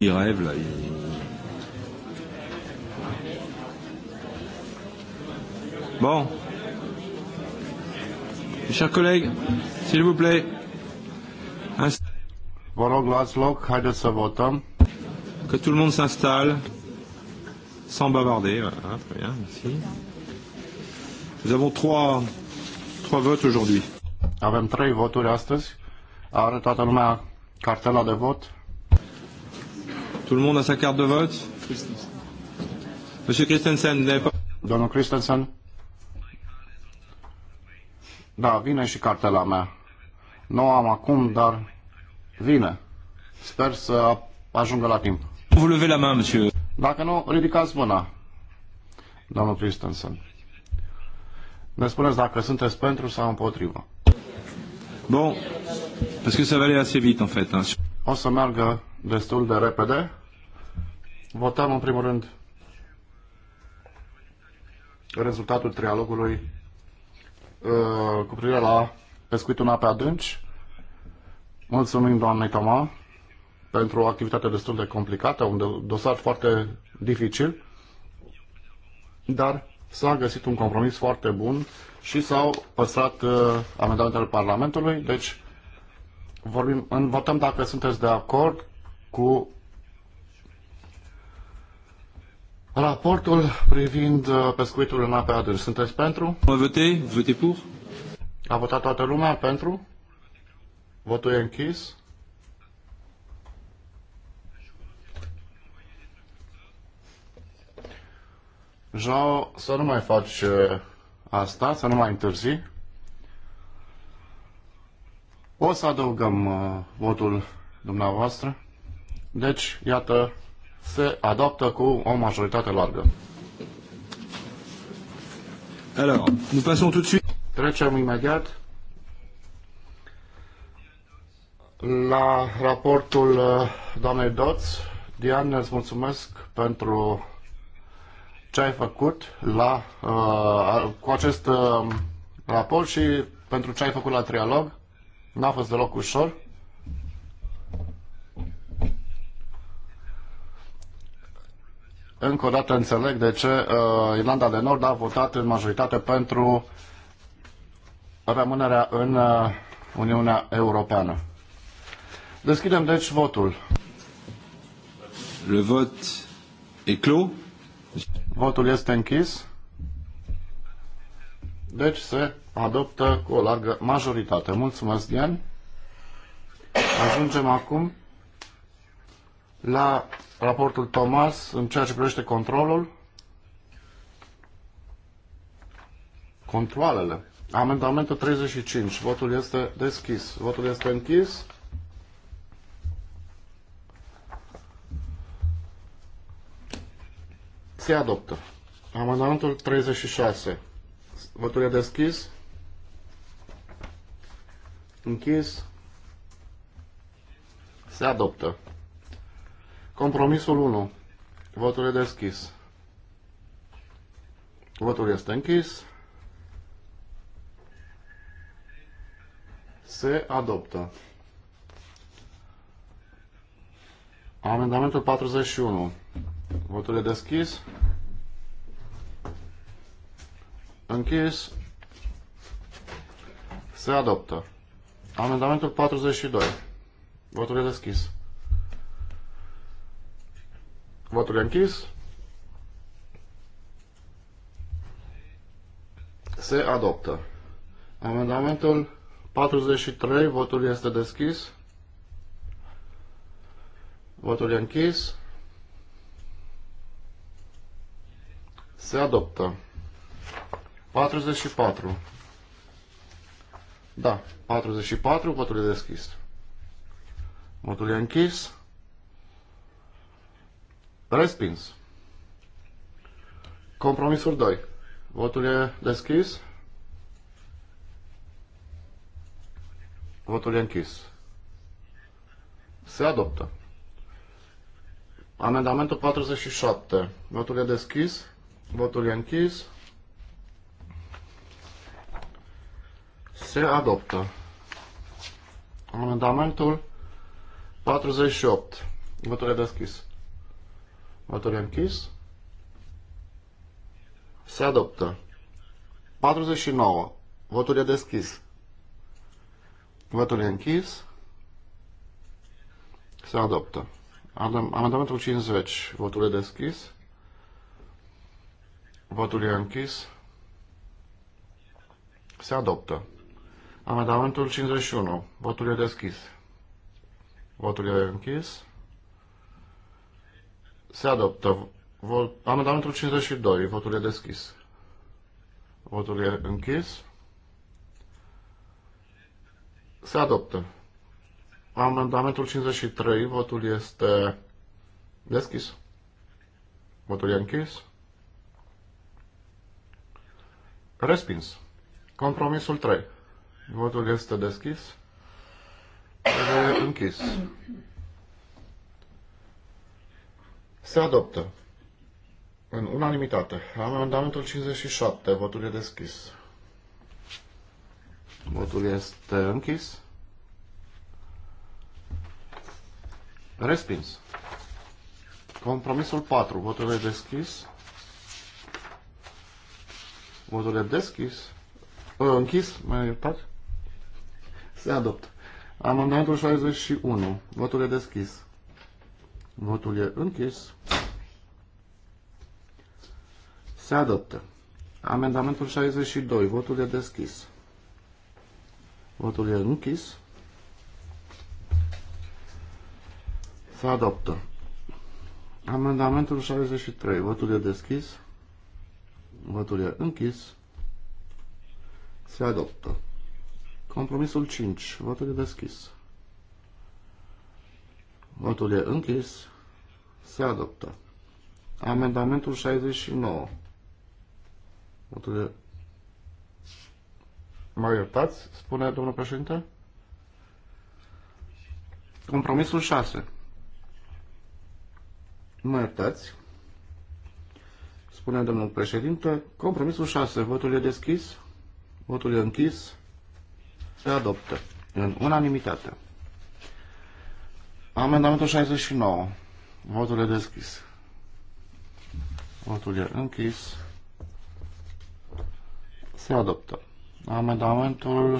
Il rêve là. Il... Bon. Mes chers collègues, s'il vous plaît. Que tout le monde s'installe, sans bavarder. Voilà, très bien, merci. Nous avons trois, trois votes aujourd'hui. Nous avons trois votes aujourd'hui. arătat lumea cartela de vot. Tout le monde a sa carte de vote Monsieur Christensen, vous pas... Domnul Christensen? Da, vine și cartela mea. Nu am acum, dar vine. Sper să ajungă la timp. Vă la main, monsieur. Dacă nu, ridicați mâna. Domnul Christensen. Ne spuneți dacă sunteți pentru sau împotrivă. Bun. Parce que ça va aller assez vite, en fait. Hein. O să meargă destul de repede. Votăm în primul rând rezultatul trialogului uh, cu privire la pescuitul în ape adânci. Mulțumim doamnei Toma pentru o activitate destul de complicată, un dosar foarte dificil, dar s-a găsit un compromis foarte bun și s-au păstrat uh, amendamentele Parlamentului, deci vorbim, în, votăm dacă sunteți de acord cu Raportul privind uh, pescuitul în ape adânci. Sunteți pentru? Mă votez, votez pur. A votat toată lumea pentru? Votul e închis. Joao, să nu mai faci uh, asta, să nu mai întârzi. O să adăugăm uh, votul dumneavoastră. Deci, iată, se adoptă cu o majoritate largă. Alors, nous tout de suite. Trecem imediat la raportul uh, doamnei Doț. Diane, îți mulțumesc pentru ce ai făcut la, uh, cu acest uh, raport și pentru ce ai făcut la trialog. N-a fost deloc ușor. Încă o dată înțeleg de ce uh, Irlanda de Nord a votat în majoritate pentru rămânerea în uh, Uniunea Europeană. Deschidem deci votul. Le vot e clos. Votul este închis. Deci se adoptă cu o largă majoritate. Mulțumesc, Dian. Ajungem acum la raportul Thomas în ceea ce privește controlul. Controlele. Amendamentul 35. Votul este deschis. Votul este închis. Se adoptă. Amendamentul 36. Votul e deschis. Închis. Se adoptă. Compromisul 1. Votul e deschis. Votul este închis. Se adoptă. Amendamentul 41. Votul e deschis. Închis. Se adoptă. Amendamentul 42. Votul e deschis. Votul e închis. Se adoptă. Amendamentul 43, votul este deschis. Votul e închis. Se adoptă. 44. Da, 44, votul e deschis. Votul e închis. Respins. Compromisul 2. Votul e deschis. Votul e închis. Se adoptă. Amendamentul 47. Votul e deschis. Votul e închis. Se adoptă. Amendamentul 48. Votul e deschis. Motorul e închis. Se adoptă. 49. Votul e deschis. Votul e închis. Se adoptă. Amendamentul 50. Votul e deschis. Votul e închis. Se adoptă. Amendamentul 51. Votul e deschis. Votul e închis. Se adoptă. Vot, amendamentul 52. Votul e deschis. Votul e închis. Se adoptă. Amendamentul 53. Votul este deschis. Votul e închis. Respins. Compromisul 3. Votul este deschis. E închis. Se adoptă. În unanimitate. Amendamentul 57. Votul e deschis. Votul este închis. Respins. Compromisul 4. Votul e deschis. Votul e deschis. Ă, închis, mai iertat. Se adoptă. Amendamentul 61. Votul e deschis. Votul e închis. Se adoptă. Amendamentul 62. Votul e deschis. Votul e închis. Se adoptă. Amendamentul 63. Votul e deschis. Votul e închis. Se adoptă. Compromisul 5. Votul e deschis. Votul e închis. Se adoptă. Amendamentul 69. Votul e... Mă iertați, spune domnul președinte? Compromisul 6. Mă iertați, spune domnul președinte. Compromisul 6. Votul e deschis. Votul e închis. Se adoptă. În unanimitate. Amendamentul 69. Votul e deschis. Votul e închis. Se adoptă. Amendamentul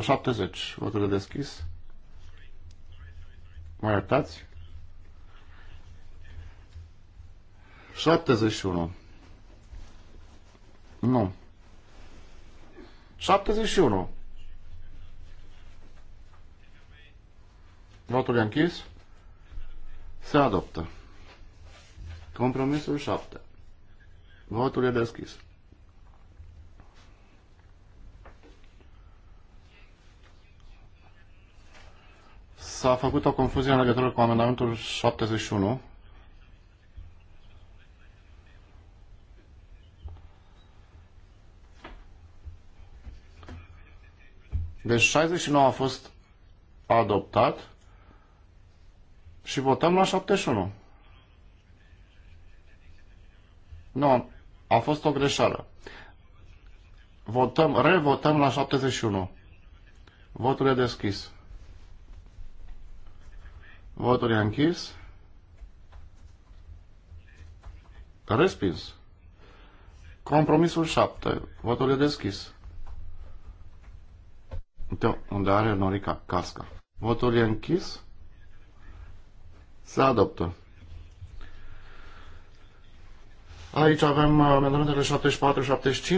70. Uh, Votul e deschis. Mai iertați? 71. Nu. 71. Votul e închis. Se adoptă. Compromisul 7. Votul e deschis. S-a făcut o confuzie în legătură cu amendamentul 71. Deci 69 a fost adoptat. Și votăm la 71. Nu, a fost o greșeală. Votăm, revotăm la 71. Votul e deschis. Votul e închis. Respins. Compromisul 7. Votul e deschis. Uite unde are Norica Casca. Votul e închis. Se adoptă. Aici avem uh, amendamentele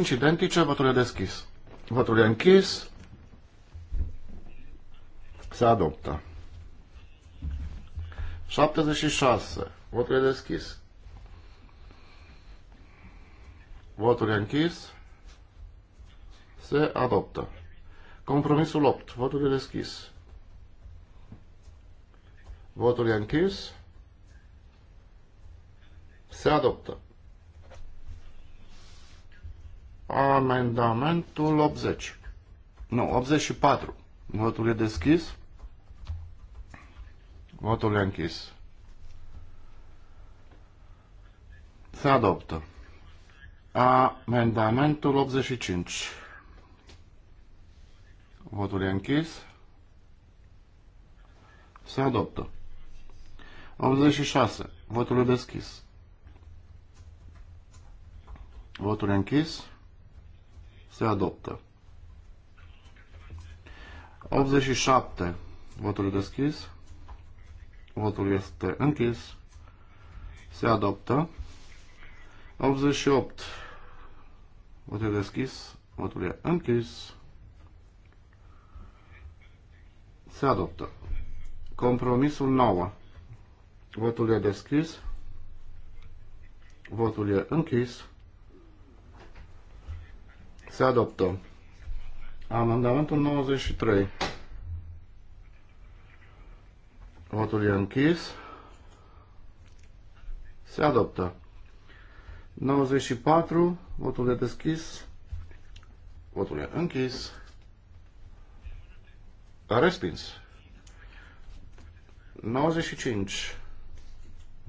74-75 identice. Votul e deschis. Votul e închis. Se adoptă. 76. Votul e deschis. Votul e închis. Se adoptă. Compromisul 8. Votul e deschis. Votul e închis. Se adoptă. Amendamentul 80. Nu, 84. Votul e deschis. Votul e închis. Se adoptă. Amendamentul 85. Votul e închis. Se adoptă. 86. Votul e deschis. Votul e închis. Se adoptă. 87. Votul e deschis. Votul este închis. Se adoptă. 88. Votul e deschis. Votul e închis. Se adoptă. Compromisul 9. Votul e deschis. Votul e închis. Se adoptă. Amendamentul 93. Votul e închis. Se adoptă. 94. Votul e deschis. Votul e închis. A respins. 95.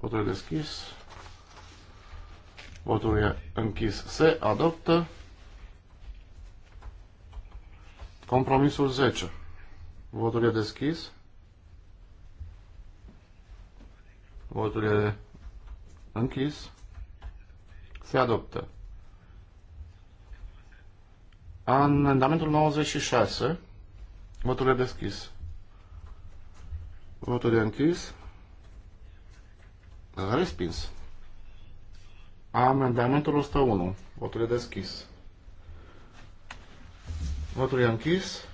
Votul e deschis. Votul e închis. Se adoptă compromisul 10. Votul e deschis. Votul e închis. Se adoptă. Amendamentul 96. Votul e deschis. Votul e închis. Respins. Amendamentul 101. Votul e deschis. Votul e închis.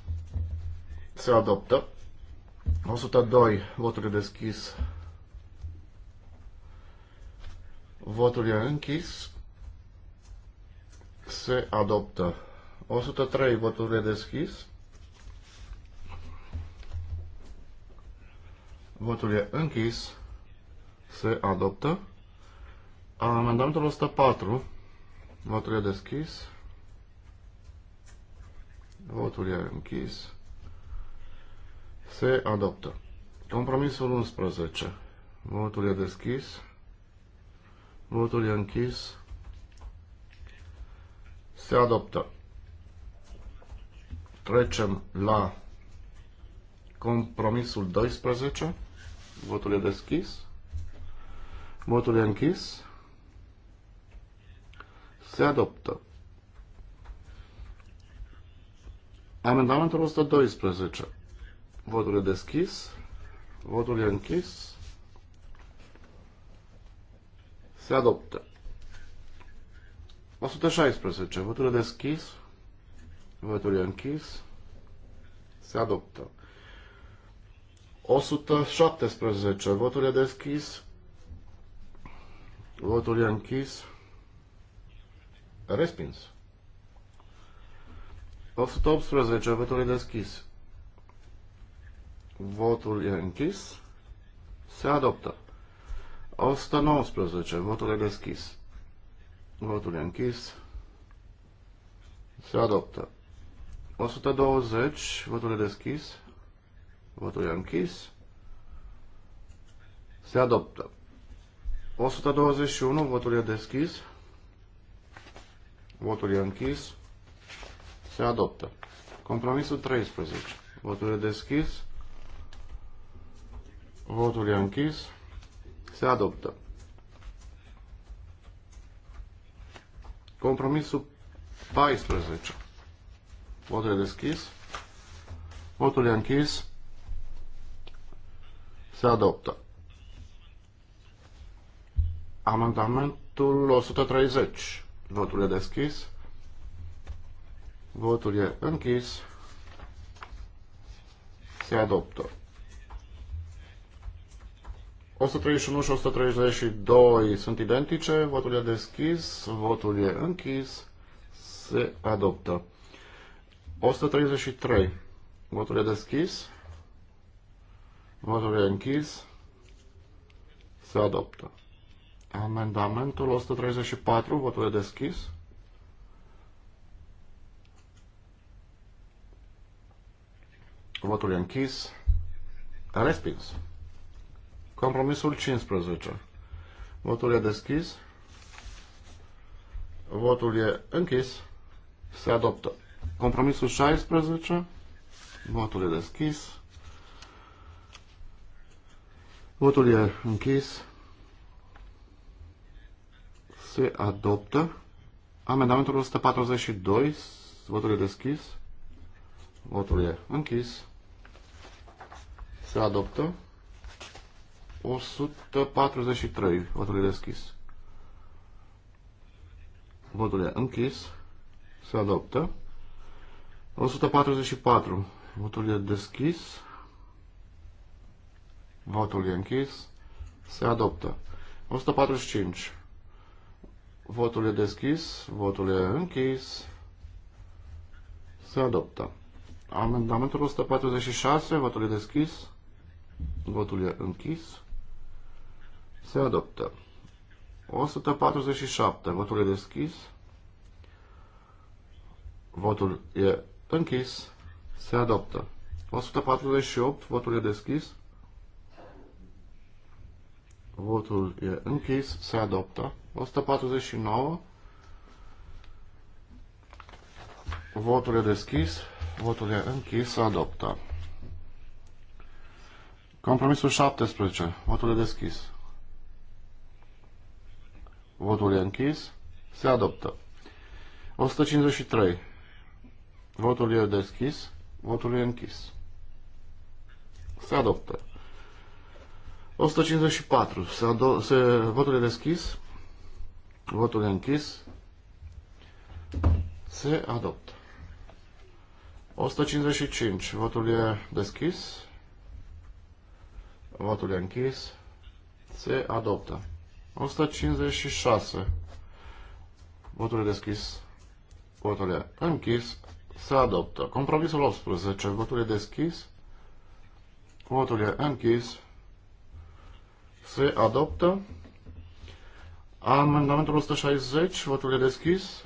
Se adoptă. 102. Votul e deschis. Votul e închis. Se adoptă. 103. Votul e deschis. Votul e închis. Se adoptă. Amendamentul 104. Votul e deschis. Votul e închis. Se adoptă. Compromisul 11. Votul e deschis. Votul e închis. Se adoptă. Trecem la compromisul 12. Votul e deschis. Votul e închis. Se adoptă. Amendamentul 112. Votul e deschis. Votul e închis. Se adoptă. 116. Votul e deschis. Votul e închis. Se adoptă. 117. Votul e deschis. Votul e închis. Respins. 118. Votul e deschis. Votul e închis. Se adoptă. 119. Votul e deschis. Votul e închis. Se adoptă. 120. Votul e deschis. Votul e închis. Se adoptă. 121, votul e deschis. Votul e închis. Se adoptă. Compromisul 13. Votul e deschis. Votul e închis. Se adoptă. Compromisul 14. Votul e deschis. Votul e închis. Se adoptă. Amendamentul 130. Votul e deschis. Votul e închis. Se adoptă. 131 și 132 sunt identice, votul e deschis, votul e închis, se adoptă. 133, votul e deschis, votul e închis, se adoptă. Amendamentul 134, votul e deschis. Votul e închis. respins. Compromisul 15. Votul e deschis. Votul e închis. Se adoptă. Compromisul 16. Votul e deschis. Votul e închis. Se adoptă. Amendamentul 142. Votul e deschis. Votul e închis. Se adoptă. 143. Votul e deschis. Votul e închis. Se adoptă. 144. Votul e deschis. Votul e închis. Se adoptă. 145. Votul e deschis, votul e închis. Se adoptă. Amendamentul 146, votul e deschis, votul e închis. Se adoptă. 147, votul e deschis, votul e închis, se adoptă. 148, votul e deschis, Votul e închis. Se adoptă. 149. Votul e deschis. Votul e închis. Se adoptă. Compromisul 17. Votul e deschis. Votul e închis. Se adoptă. 153. Votul e deschis. Votul e închis. Se adoptă. 154. Se votul e deschis. Votul e închis. Se adoptă. 155. Votul e deschis. Votul e închis. Se adoptă. 156. Votul e deschis. Votul e închis. Se adoptă. Compromisul 18. Votul e deschis. Votul e închis se adoptă. Amendamentul 160, votul e deschis.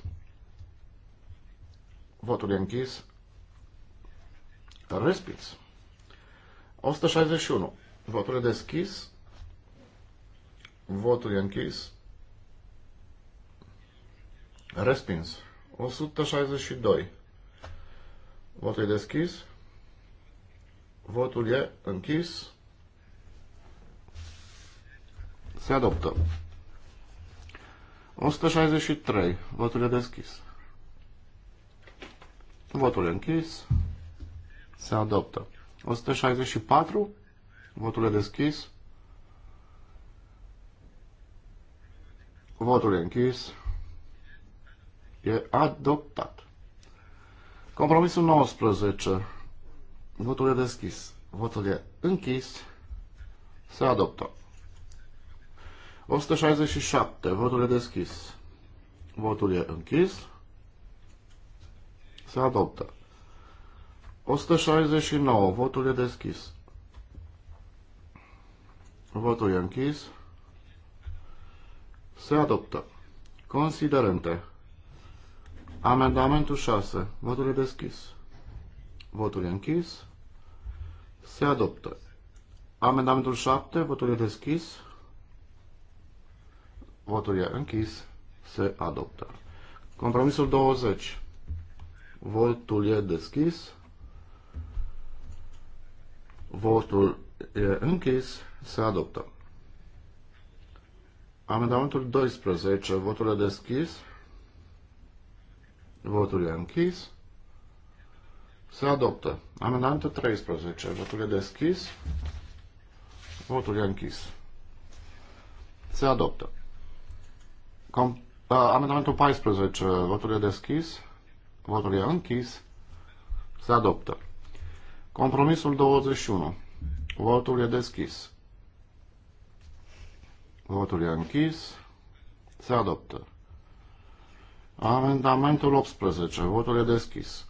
Votul e închis. Respins. 161. Votul e deschis. Votul e închis. Respins. 162. Votul e deschis. Votul e închis. Se adoptă. 163. Votul e deschis. Votul e închis. Se adoptă. 164. Votul e deschis. Votul e închis. E adoptat. Compromisul 19. Votul e deschis. Votul e închis. Se adoptă. 167. Votul e deschis. Votul e închis. Se adoptă. 169. Votul e deschis. Votul e închis. Se adoptă. Considerente. Amendamentul 6. Votul e deschis. Votul e închis. Se adoptă. Amendamentul 7. Votul e deschis. Votul e închis. Se adoptă. Compromisul 20. Votul e deschis. Votul e închis. Se adoptă. Amendamentul 12. Votul e deschis. Votul e închis. Se adoptă. Amendamentul 13. Votul e deschis. Votul e închis. Se adoptă. Com, uh, amendamentul 14. Votul e deschis. Votul e închis. Se adoptă. Compromisul 21. Votul e deschis. Votul e închis. Se adoptă. Amendamentul 18. Votul e deschis.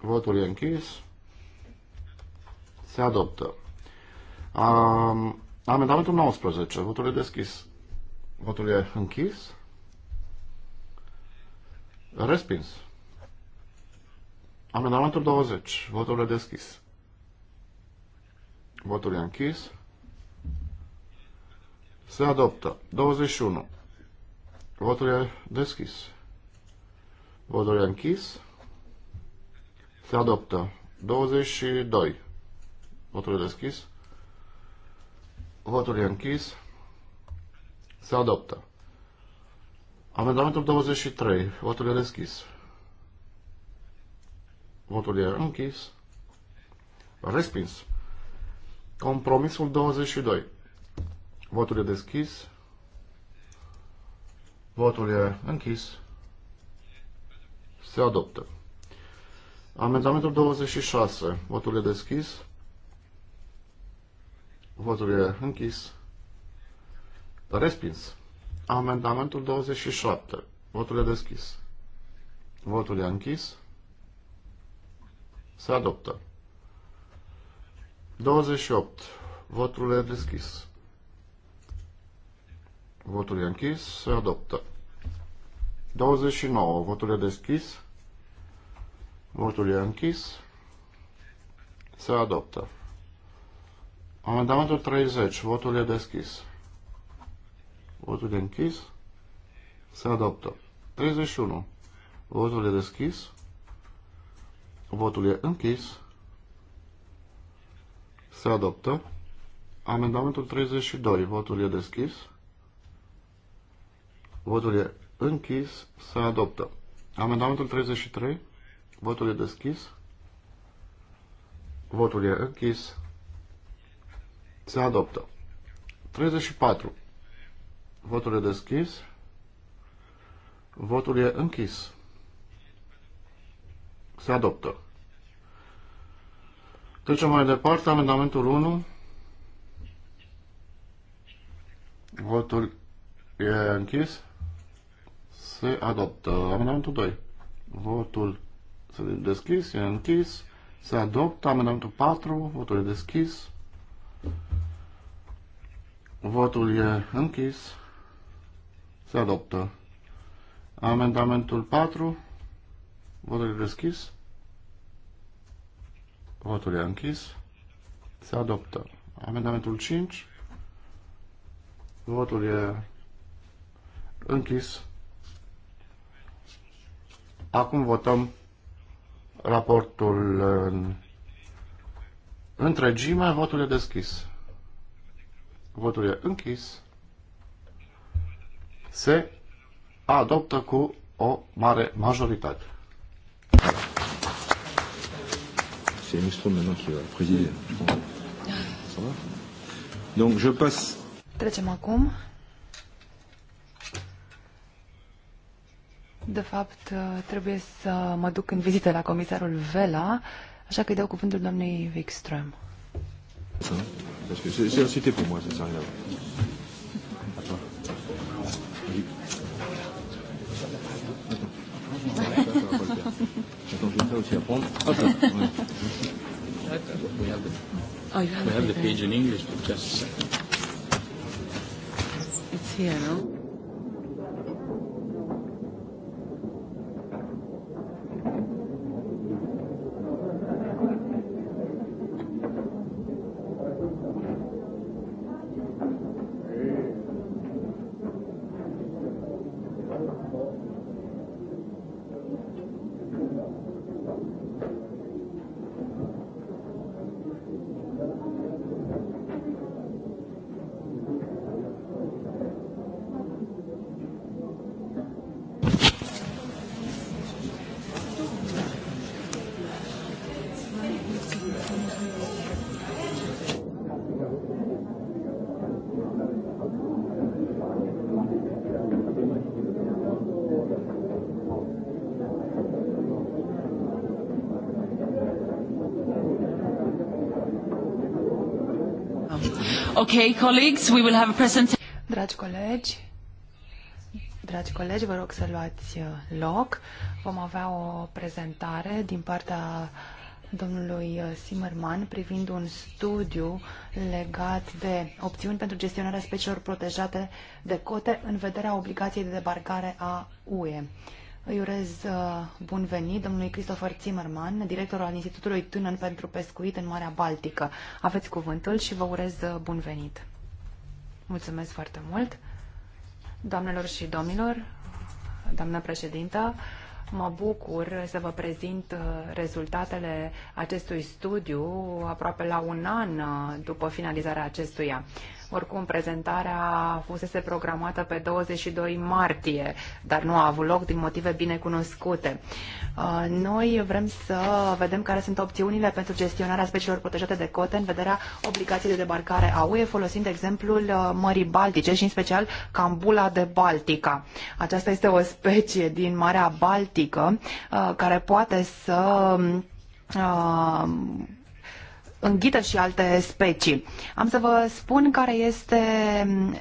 Votul e închis. Se adoptă. Um, amendamentul 19. Votul e deschis. Votul e închis. Respins. Amendamentul 20. Votul e deschis. Votul e închis. Se adoptă. 21. Votul e deschis. Votul e închis. Se adoptă. 22. Votul e deschis. Votul e închis. Se adoptă. Amendamentul 23. Votul e deschis. Votul e închis. Respins. Compromisul 22. Votul e deschis. Votul e închis. Se adoptă. Amendamentul 26. Votul e deschis. Votul e închis. Respins. Amendamentul 27. Votul e deschis. Votul e închis. Se adoptă. 28. Votul e deschis. Votul e închis. Se adoptă. 29. Votul e deschis. Votul e închis. Se adoptă. Amendamentul 30. Votul e deschis. Votul e închis. Se adoptă. 31. Votul e deschis. Votul e închis. Se adoptă. Amendamentul 32. Votul e deschis. Votul e închis. Se adoptă. Amendamentul 33. Votul e deschis. Votul e închis. Se adoptă. 34. Votul e deschis. Votul e închis. Se adoptă. Trecem mai departe. Amendamentul 1. Votul e închis. Se adoptă. Amendamentul 2. Votul se deschis, e închis. Se adoptă. Amendamentul 4. Votul e deschis. Votul e închis. Se adoptă. Amendamentul 4. Votul e deschis. Votul e închis. Se adoptă. Amendamentul 5. Votul e închis. Acum votăm raportul în întregime. Votul e deschis. Votul e închis se adoptă cu o mare majoritate. Trecem acum. De fapt, trebuie să mă duc în vizită la comisarul Vela, așa că îi dau cuvântul doamnei Wikström. Parce que c'est un cité pour moi, ça sert à rien. je We have the, oh, you have we have the page in English, just a second. It's here, no? Okay, colleagues, we will have a presentation. Dragi colegi, dragi colegi, vă rog să luați uh, loc. Vom avea o prezentare din partea domnului Simmerman uh, privind un studiu legat de opțiuni pentru gestionarea speciilor protejate de cote în vederea obligației de debarcare a UE. Îi urez uh, bun venit domnului Christopher Zimmerman, director al Institutului Tânăr pentru Pescuit în Marea Baltică. Aveți cuvântul și vă urez uh, bun venit. Mulțumesc foarte mult. Doamnelor și domnilor, doamnă președintă, Mă bucur să vă prezint uh, rezultatele acestui studiu aproape la un an după finalizarea acestuia. Oricum, prezentarea fusese programată pe 22 martie, dar nu a avut loc din motive bine cunoscute. Uh, noi vrem să vedem care sunt opțiunile pentru gestionarea speciilor protejate de cote în vederea obligației de debarcare a UE, folosind exemplul uh, Mării Baltice și în special Cambula de Baltica. Aceasta este o specie din Marea Baltică uh, care poate să înghită și alte specii. Am să vă spun care este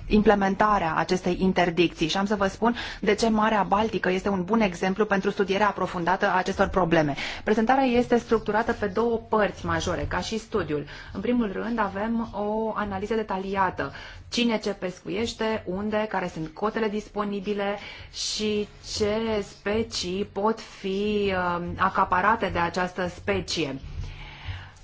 implementarea acestei interdicții și am să vă spun de ce Marea Baltică este un bun exemplu pentru studierea aprofundată a acestor probleme. Prezentarea este structurată pe două părți majore, ca și studiul. În primul rând avem o analiză detaliată cine ce pescuiește, unde, care sunt cotele disponibile și ce specii pot fi um, acaparate de această specie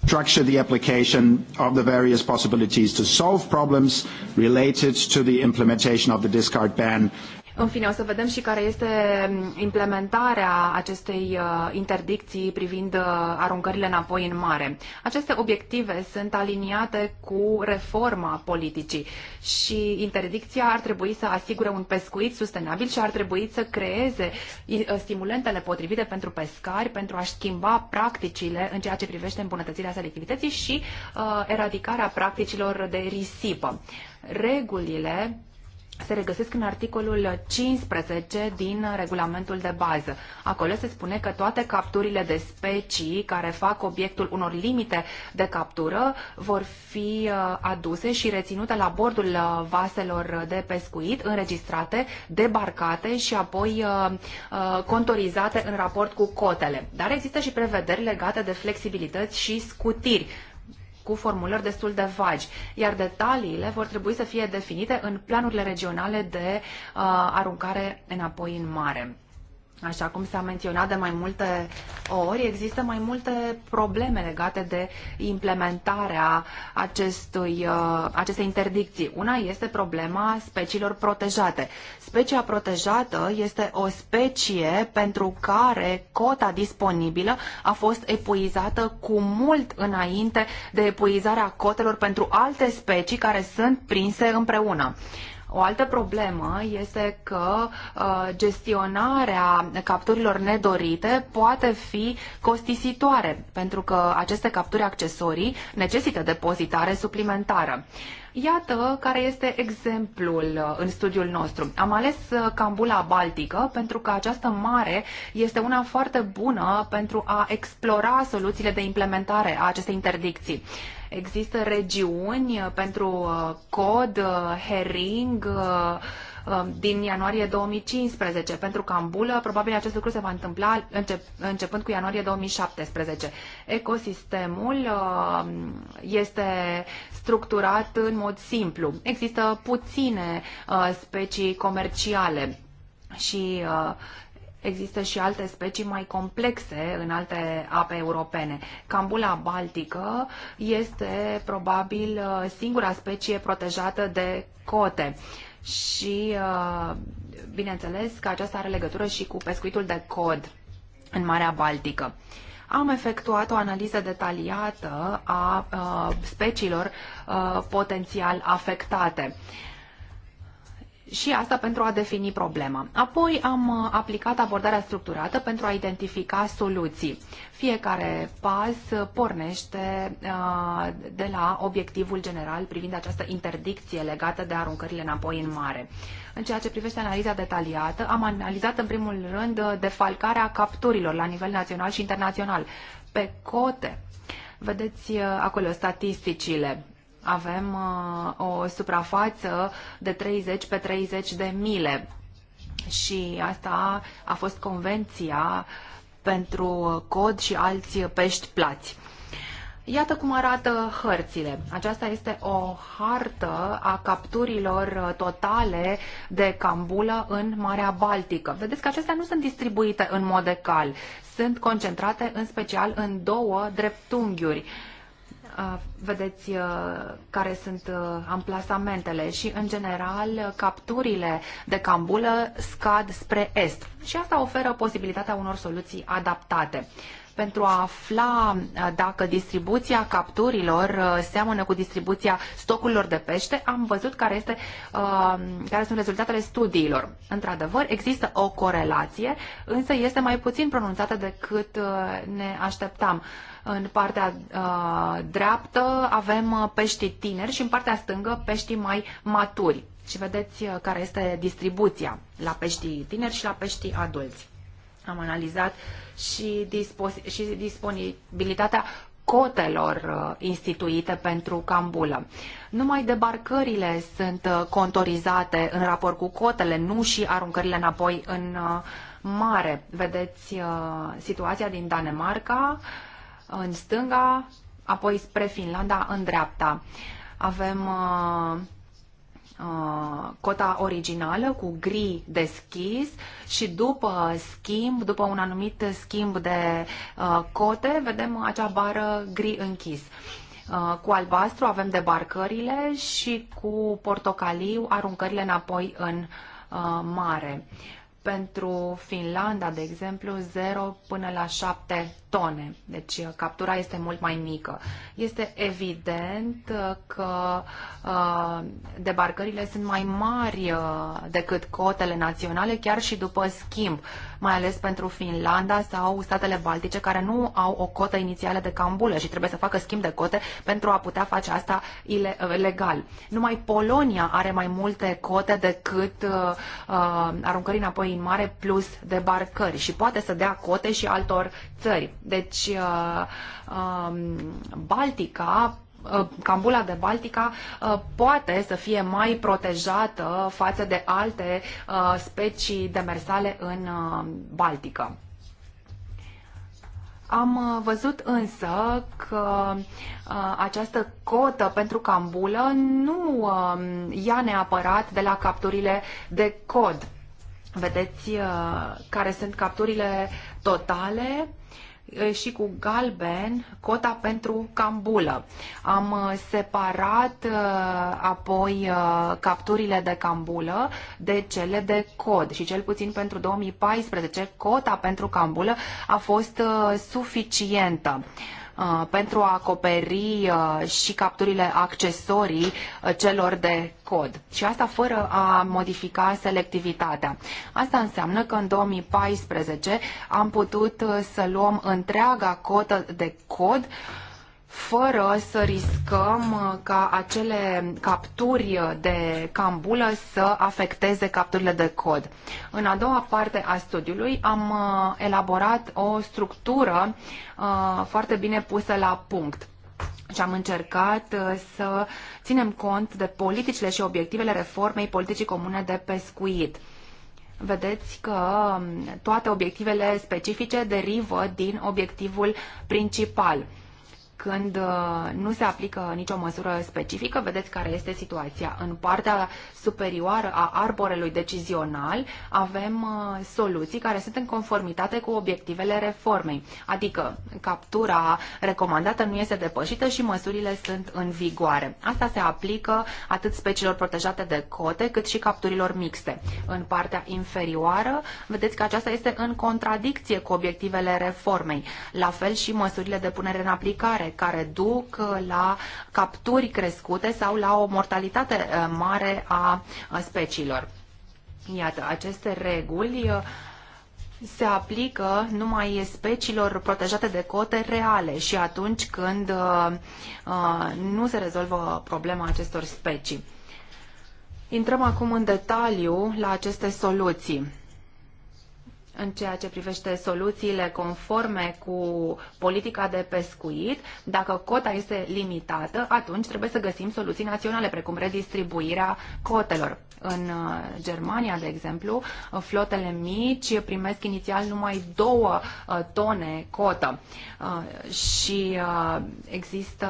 structure the application of the various possibilities to solve problems related to the implementation of the discard ban în fine, o să vedem și care este mm, implementarea acestei uh, interdicții privind uh, aruncările înapoi în mare. Aceste obiective sunt aliniate cu reforma politicii și interdicția ar trebui să asigure un pescuit sustenabil și ar trebui să creeze uh, stimulentele potrivite pentru pescari pentru a schimba practicile în ceea ce privește îmbunătățirea selectivității și uh, eradicarea practicilor de risipă. Regulile se regăsesc în articolul 15 din regulamentul de bază. Acolo se spune că toate capturile de specii care fac obiectul unor limite de captură vor fi uh, aduse și reținute la bordul uh, vaselor de pescuit, înregistrate, debarcate și apoi uh, contorizate în raport cu cotele. Dar există și prevederi legate de flexibilități și scutiri cu formulări destul de vagi, iar detaliile vor trebui să fie definite în planurile regionale de uh, aruncare înapoi în mare. Așa cum s-a menționat de mai multe ori, există mai multe probleme legate de implementarea acestui, uh, acestei interdicții. Una este problema speciilor protejate. Specia protejată este o specie pentru care cota disponibilă a fost epuizată cu mult înainte de epuizarea cotelor pentru alte specii care sunt prinse împreună. O altă problemă este că uh, gestionarea capturilor nedorite poate fi costisitoare, pentru că aceste capturi accesorii necesită depozitare suplimentară. Iată care este exemplul uh, în studiul nostru. Am ales uh, Cambula Baltică pentru că această mare este una foarte bună pentru a explora soluțiile de implementare a acestei interdicții. Există regiuni uh, pentru cod, hering, Um, din ianuarie 2015, pentru că probabil acest lucru se va întâmpla încep, începând cu ianuarie 2017. Ecosistemul um, este structurat în mod simplu. Există puține uh, specii comerciale și uh, Există și alte specii mai complexe în alte ape europene. Cambula baltică este probabil uh, singura specie protejată de cote și, uh, bineînțeles, că aceasta are legătură și cu pescuitul de cod în Marea Baltică. Am efectuat o analiză detaliată a uh, speciilor uh, potențial afectate și asta pentru a defini problema. Apoi am uh, aplicat abordarea structurată pentru a identifica soluții. Fiecare pas pornește uh, de la obiectivul general privind această interdicție legată de aruncările înapoi în mare. În ceea ce privește analiza detaliată, am analizat în primul rând uh, defalcarea capturilor la nivel național și internațional pe cote. Vedeți acolo statisticile avem uh, o suprafață de 30 pe 30 de mile și asta a fost convenția pentru cod și alți pești plați. Iată cum arată hărțile. Aceasta este o hartă a capturilor totale de cambulă în Marea Baltică. Vedeți că acestea nu sunt distribuite în mod egal. Sunt concentrate în special în două dreptunghiuri vedeți care sunt amplasamentele și, în general, capturile de cambulă scad spre est și asta oferă posibilitatea unor soluții adaptate pentru a afla dacă distribuția capturilor seamănă cu distribuția stocurilor de pește, am văzut care, este, care sunt rezultatele studiilor. Într-adevăr, există o corelație, însă este mai puțin pronunțată decât ne așteptam. În partea uh, dreaptă avem uh, peștii tineri și în partea stângă peștii mai maturi. Și vedeți uh, care este distribuția la peștii tineri și la peștii adulți. Am analizat și, și disponibilitatea cotelor uh, instituite pentru cambulă. Numai debarcările sunt contorizate în raport cu cotele, nu și aruncările înapoi în mare. Vedeți situația din Danemarca, în stânga, apoi spre Finlanda în dreapta. Avem uh, uh, cota originală cu gri deschis și după schimb, după un anumit schimb de uh, cote, vedem acea bară gri închis. Uh, cu albastru avem debarcările și cu portocaliu aruncările înapoi în uh, mare. Pentru Finlanda, de exemplu, 0 până la 7 tone, deci uh, captura este mult mai mică. Este evident uh, că uh, debarcările sunt mai mari decât cotele naționale, chiar și după schimb, mai ales pentru Finlanda sau statele baltice care nu au o cotă inițială de cambulă și trebuie să facă schimb de cote pentru a putea face asta legal. Numai Polonia are mai multe cote decât aruncării înapoi în mare plus debarcări și poate să dea cote și altor țări. Deci, uh, um, Baltica uh, Cambula de Baltica uh, poate să fie mai protejată față de alte specii demersale în Baltică. Am văzut însă că această cotă pentru cambulă nu um, ia neapărat de la capturile de cod. Vedeți care sunt capturile totale Eh, și cu galben cota pentru cambulă. Am eh, separat eh, apoi capturile de cambulă de cele de cod și cel puțin pentru 2014 cota pentru cambulă a fost suficientă. Uh, pentru a acoperi uh, și capturile accesorii uh, celor de cod. Și asta fără a modifica selectivitatea. Asta înseamnă că în 2014 am putut să luăm întreaga cotă de cod fără să riscăm uh, ca acele capturi uh, de cambulă să afecteze capturile de cod. În a doua parte a studiului am uh, elaborat o structură foarte bine pusă la punct și am încercat să ținem cont de politicile și obiectivele reformei politicii comune de pescuit vedeți că um, toate obiectivele specifice derivă din obiectivul principal când uh, nu se aplică nicio măsură specifică, vedeți care este situația. În partea superioară a arborelui decizional avem uh, soluții care sunt în conformitate cu obiectivele reformei, adică captura recomandată nu este depășită și măsurile sunt în vigoare. Asta se aplică atât speciilor protejate de cote, cât și capturilor mixte. În partea inferioară, vedeți că aceasta este în contradicție cu obiectivele reformei, la fel și măsurile de punere în aplicare care duc la capturi crescute sau la o mortalitate eh, mare a speciilor. Iată, aceste reguli eh, se aplică numai speciilor protejate de cote reale și atunci când eh, nu se rezolvă problema acestor specii. Intrăm acum în detaliu la aceste soluții în ceea ce privește soluțiile conforme cu politica de pescuit, dacă cota este limitată, atunci trebuie să găsim soluții naționale, precum redistribuirea cotelor. În uh, Germania, de exemplu, uh, flotele mici primesc inițial numai două uh, tone cotă și există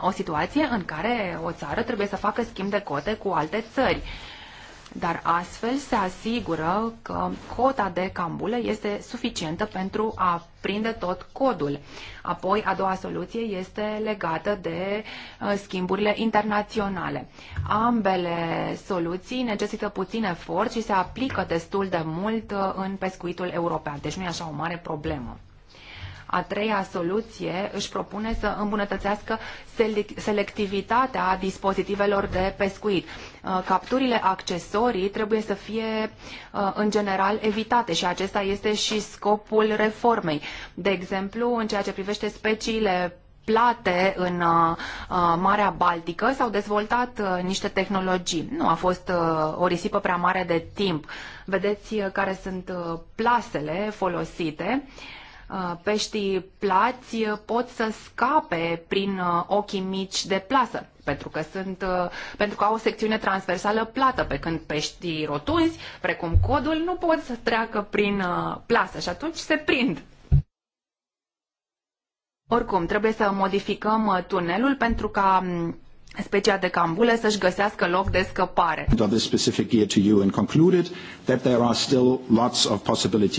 o situație în care o țară trebuie să facă schimb de cote cu alte țări dar astfel se asigură că cota de cambule este suficientă pentru a prinde tot codul. Apoi, a doua soluție este legată de uh, schimburile internaționale. Ambele soluții necesită puțin efort și se aplică destul de mult uh, în pescuitul european, deci nu e așa o mare problemă. A treia soluție își propune să îmbunătățească selectivitatea dispozitivelor de pescuit. Uh, capturile accesorii trebuie să fie uh, în general evitate și acesta este și scopul reformei. De exemplu, în ceea ce privește speciile plate în uh, uh Marea Baltică s-au dezvoltat uh, niște tehnologii. Nu a fost uh, o risipă prea mare de timp. Vedeți care sunt plasele folosite. Uh, Uh, peștii plați pot să scape prin uh, ochii mici de plasă pentru că, sunt, uh, pentru că au o secțiune transversală plată, pe când peștii rotunzi, precum codul, nu pot să treacă prin plasă și atunci se prind. Oricum, trebuie să modificăm tunelul pentru ca mm, specia de cambule să-și găsească loc de scăpare.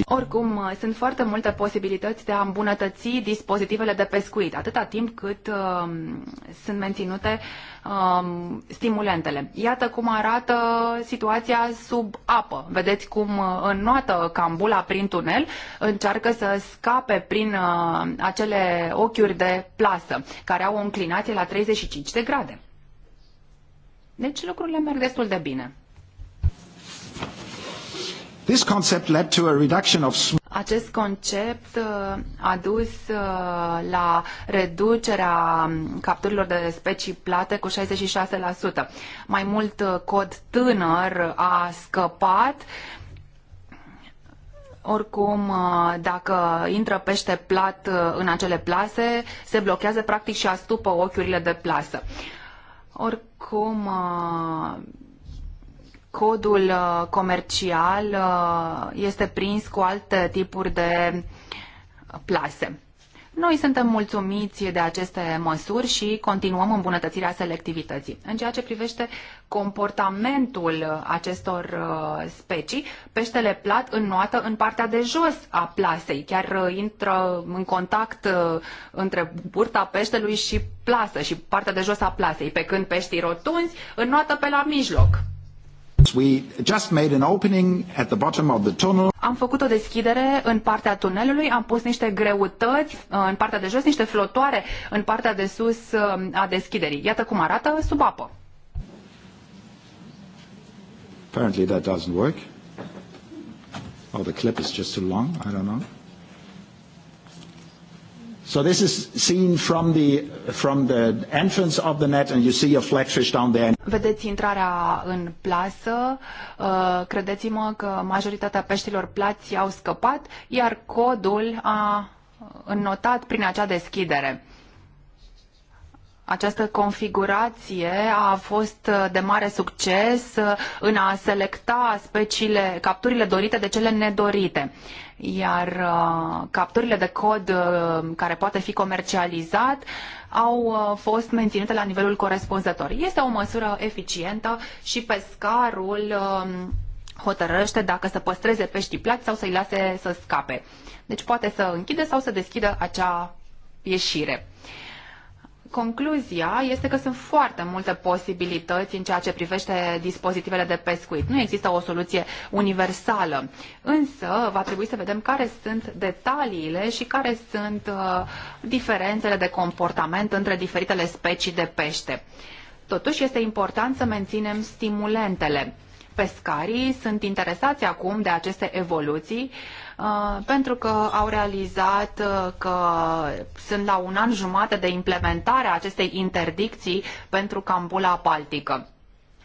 Oricum, sunt foarte multe posibilități de a îmbunătăți dispozitivele de pescuit, atâta timp cât uh, sunt menținute uh, um, stimulentele. Iată cum arată situația sub apă. Vedeți cum uh, înnoată cambula prin tunel, încearcă să scape prin uh, acele ochiuri de plasă, care au o înclinație la 35 de grade. Deci lucrurile merg destul de bine. This concept led to a reduction of acest concept uh, a dus uh, la reducerea um, capturilor de specii plate cu 66%. Mai mult uh, cod tânăr a scăpat. Oricum, dacă intră pește plat în acele plase, se blochează practic și astupă ochiurile de plasă. Oricum, codul uh, comercial uh, este prins cu alte tipuri de plase. Noi suntem mulțumiți de aceste măsuri și continuăm îmbunătățirea selectivității. În ceea ce privește comportamentul acestor uh, specii, peștele plat înnoată în partea de jos a plasei, chiar intră în contact între burta peștelui și plasă și partea de jos a plasei, pe când peștii rotunzi înnoată pe la mijloc. We just made an opening at the bottom of the tunnel. Am făcut o deschidere în partea tunelului, am pus niște greutăți uh, în partea de jos, niște flotoare în partea de sus uh, a deschiderii. Iată cum arată sub apă. Apparently that doesn't work. Or oh, the clip is just too long, I don't know. So this is seen from the, from the entrance of the net and you see a flatfish down there. Vedeți intrarea în plasă. Uh, credeți-mă că majoritatea peștilor plați au scăpat, iar codul a uh, înnotat prin acea deschidere. Această configurație a fost uh, de mare succes în a selecta speciile, capturile dorite de cele nedorite iar uh, capturile de cod uh, care poate fi comercializat au uh, fost menținute la nivelul corespunzător. Este o măsură eficientă și pescarul um, hotărăște dacă să păstreze peștii plați sau să-i lase să scape. Deci poate să închide sau să deschidă acea ieșire concluzia este că sunt foarte multe posibilități în ceea ce privește dispozitivele de pescuit. Nu există o soluție universală, însă va trebui să vedem care sunt detaliile și care sunt uh, diferențele de comportament între diferitele specii de pește. Totuși este important să menținem stimulentele. Pescarii sunt interesați acum de aceste evoluții uh, Uh, pentru că au realizat uh, că sunt la un an jumate de implementare a acestei interdicții pentru Cambula Baltică.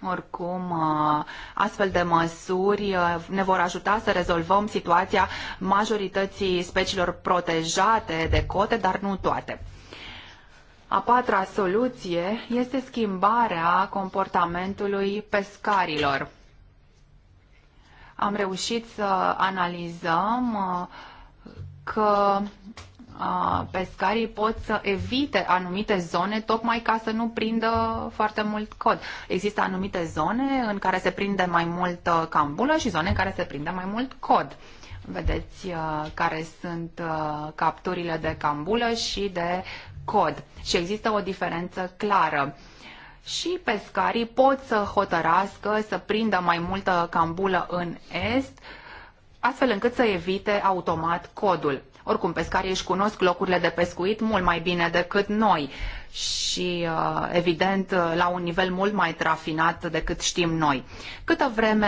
Oricum, uh, astfel de măsuri ne vor ajuta să rezolvăm situația majorității speciilor protejate de cote, dar nu toate. A patra soluție este schimbarea comportamentului pescarilor am reușit să analizăm uh, că uh, pescarii pot să evite anumite zone tocmai ca să nu prindă foarte mult cod. Există anumite zone în care se prinde mai mult uh, cambulă și zone în care se prinde mai mult cod. Vedeți care sunt capturile de cambulă și de cod. Și există o diferență clară și pescarii pot să hotărască să prindă mai multă cambulă în est, astfel încât să evite automat codul. Oricum, pescarii își cunosc locurile de pescuit mult mai bine decât noi și, uh, evident, la un nivel mult mai trafinat decât știm noi. Câtă vreme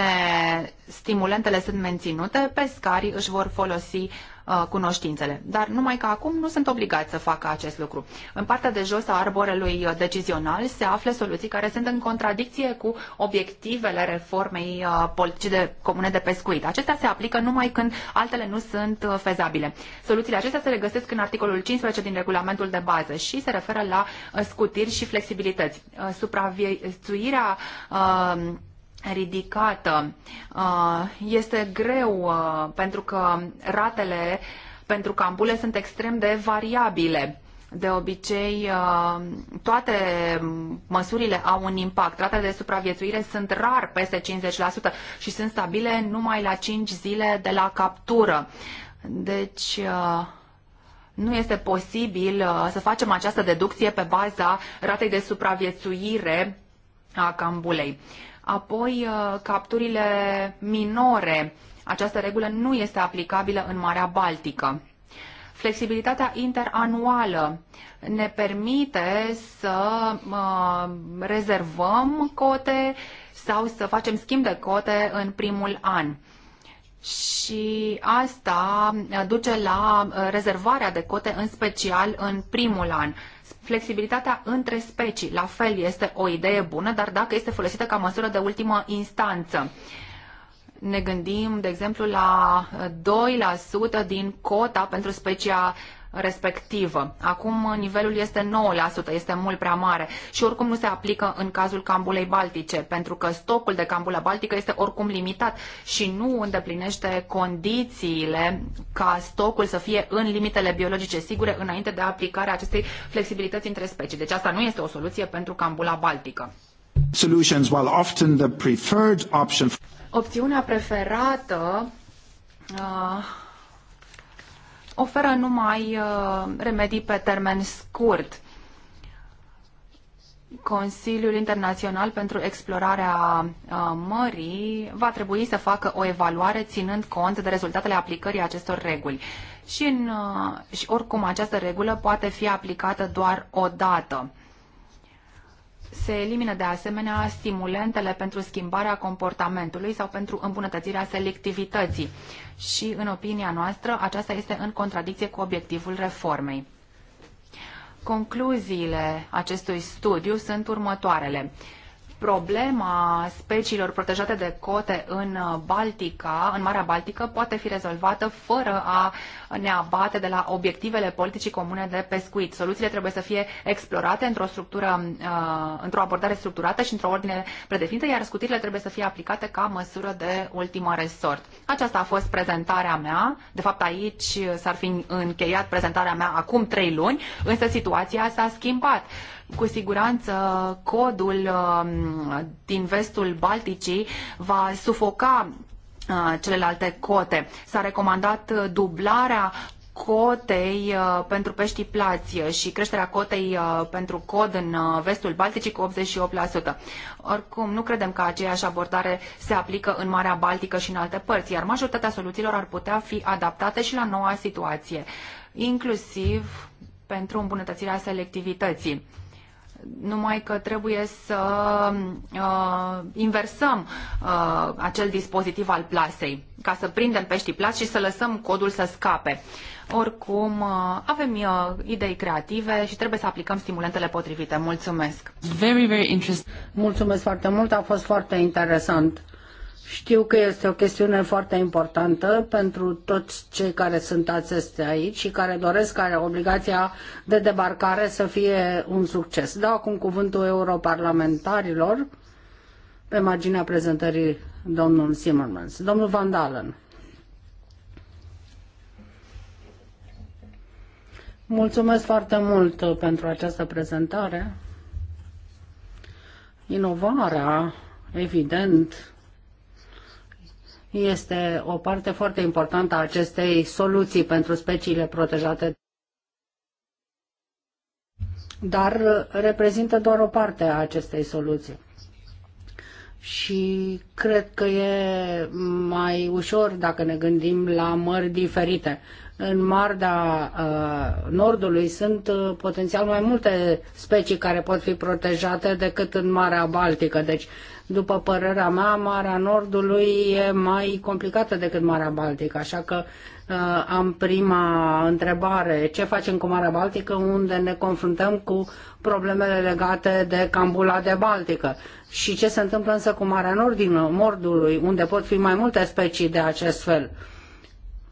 stimulentele sunt menținute, pescarii își vor folosi uh, cunoștințele. Dar numai că acum nu sunt obligați să facă acest lucru. În partea de jos a arborelui uh, decizional se află soluții care sunt în contradicție cu obiectivele reformei uh, politicii de comune de pescuit. Acestea se aplică numai când altele nu sunt uh, fezabile. Soluțiile acestea se regăsesc în articolul 15 din regulamentul de bază și se referă la scutiri și flexibilități. Supraviețuirea ridicată. Uh, este greu uh, pentru că ratele pentru campule sunt extrem de variabile. De obicei, uh, toate măsurile au un impact. Ratele de supraviețuire sunt rar peste 50% și sunt stabile numai la 5 zile de la captură. Deci, nu este posibil să facem această deducție pe baza ratei de supraviețuire a cambulei. Apoi, uh, capturile minore. Această regulă nu este aplicabilă în Marea Baltică. Flexibilitatea interanuală ne permite să uh, rezervăm cote sau să facem schimb de cote în primul an. Și asta uh, duce la rezervarea de cote, în special în primul an. Flexibilitatea între specii, la fel, este o idee bună, dar dacă este folosită ca măsură de ultimă instanță. Ne gândim, de exemplu, la 2% din cota pentru specia uh, respectivă. Acum nivelul este 9%, este mult prea mare și oricum nu se aplică în cazul cambulei baltice, pentru că stocul de cambulă baltică este oricum limitat și nu îndeplinește condițiile ca stocul să fie în limitele biologice sigure înainte de aplicarea acestei flexibilități între specii. Deci asta nu este o soluție pentru cambula baltică. Solutions, while often the preferred option... Opțiunea preferată uh oferă numai uh, remedii pe termen scurt. Consiliul Internațional pentru Explorarea uh, Mării va trebui să facă o evaluare ținând cont de rezultatele aplicării acestor reguli. Și, în, uh, și oricum această regulă poate fi aplicată doar o dată se elimină de asemenea stimulentele pentru schimbarea comportamentului sau pentru îmbunătățirea selectivității. Și, în opinia noastră, aceasta este în contradicție cu obiectivul reformei. Concluziile acestui studiu sunt următoarele problema speciilor protejate de cote în Baltica, în Marea Baltică, poate fi rezolvată fără a ne abate de la obiectivele politicii comune de pescuit. Soluțiile trebuie să fie explorate într-o structură, uh, într-o abordare structurată și într-o ordine predefinită, iar scutirile trebuie să fie aplicate ca măsură de ultima resort. Aceasta a fost prezentarea mea. De fapt, aici s-ar fi încheiat prezentarea mea acum trei luni, însă situația s-a schimbat. Cu siguranță codul um, din vestul Balticii va sufoca uh, celelalte cote. S-a recomandat uh, dublarea cotei uh, pentru peștii plați și creșterea cotei pentru cod în vestul Balticii cu 88%. Oricum, nu credem că aceeași abordare se aplică în Marea Baltică și în alte părți, iar majoritatea soluțiilor ar putea fi adaptate și la noua situație, inclusiv pentru îmbunătățirea selectivității numai că trebuie să uh, inversăm uh, acel dispozitiv al plasei, ca să prindem peștii plas și să lăsăm codul să scape. Oricum, uh, avem uh, idei creative și trebuie să aplicăm stimulentele potrivite. Mulțumesc! Very, very interesting. Mulțumesc foarte mult, a fost foarte interesant. Știu că este o chestiune foarte importantă pentru toți cei care sunt astăzi aici și care doresc ca obligația de debarcare să fie un succes. Dau acum cuvântul europarlamentarilor pe marginea prezentării domnul Simmermans. Domnul Van Dalen. Mulțumesc foarte mult pentru această prezentare. Inovarea, evident, este o parte foarte importantă a acestei soluții pentru speciile protejate, dar reprezintă doar o parte a acestei soluții și cred că e mai ușor dacă ne gândim la mări diferite. În Marda uh, Nordului sunt uh, potențial mai multe specii care pot fi protejate decât în Marea Baltică. Deci, după părerea mea, Marea Nordului e mai complicată decât Marea Baltică, așa că Uh, am prima întrebare. Ce facem cu Marea Baltică unde ne confruntăm cu problemele legate de cambula de Baltică? Și ce se întâmplă însă cu Marea Nordină, Mordului, unde pot fi mai multe specii de acest fel?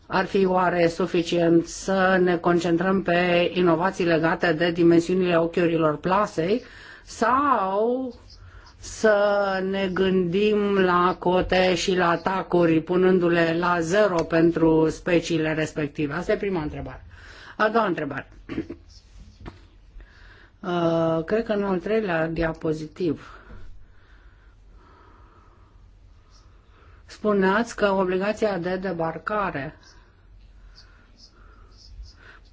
Ar fi oare suficient să ne concentrăm pe inovații legate de dimensiunile ochiurilor plasei sau să ne gândim la cote și la atacuri, punându-le la zero pentru speciile respective? Asta e prima întrebare. A doua întrebare. Uh, cred că în al treilea diapozitiv spuneați că obligația de debarcare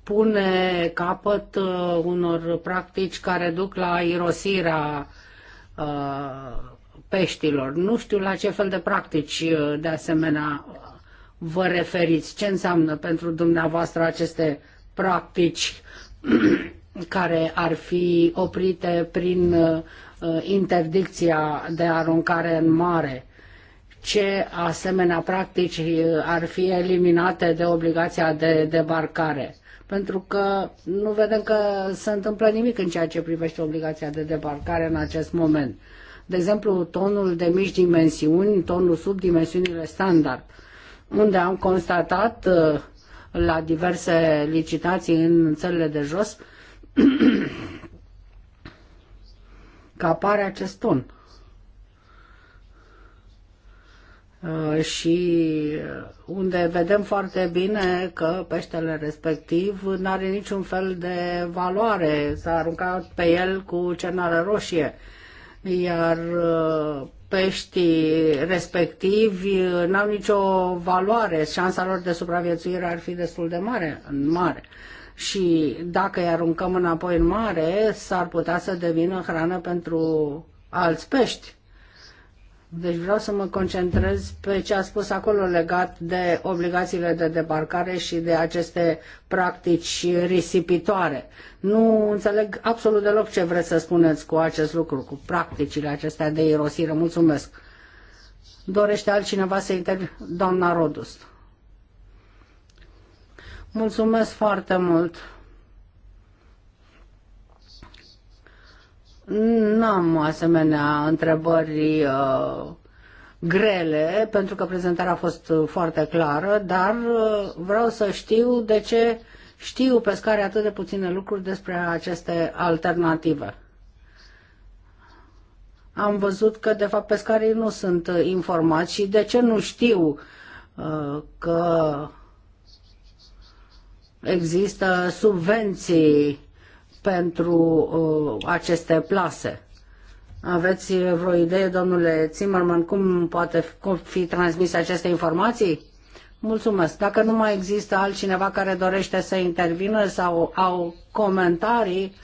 pune capăt uh, unor practici care duc la irosirea Uh, peștilor. Nu știu la ce fel de practici uh, de asemenea vă referiți. Ce înseamnă pentru dumneavoastră aceste practici care ar fi oprite prin uh, interdicția de aruncare în mare? Ce asemenea practici ar fi eliminate de obligația de debarcare? pentru că nu vedem că se întâmplă nimic în ceea ce privește obligația de debarcare în acest moment. De exemplu, tonul de mici dimensiuni, tonul sub dimensiunile standard, unde am constatat uh, la diverse licitații în țările de jos că apare acest ton. Uh, și uh, unde vedem foarte bine că peștele respectiv nu are niciun fel de valoare, s-a aruncat pe el cu cernare roșie, iar uh, peștii respectivi n-au nicio valoare, șansa lor de supraviețuire ar fi destul de mare, în mare. Și dacă îi aruncăm înapoi în mare, s-ar putea să devină hrană pentru alți pești deci vreau să mă concentrez pe ce a spus acolo legat de obligațiile de debarcare și de aceste practici risipitoare. Nu înțeleg absolut deloc ce vreți să spuneți cu acest lucru, cu practicile acestea de irosire. Mulțumesc. Dorește altcineva să intervine? Doamna Rodust. Mulțumesc foarte mult. n-am asemenea întrebări uh, grele, pentru că prezentarea a fost uh, foarte clară, dar uh, vreau să știu de ce știu pescare atât de puține lucruri despre aceste alternative. Am văzut că, de fapt, pescarii nu sunt informați și de ce nu știu că există subvenții pentru aceste plase. Aveți uh, vreo idee, domnule Zimmerman, cum poate fi transmise aceste informații? Mulțumesc. Dacă nu mai există altcineva care dorește să intervină sau au comentarii,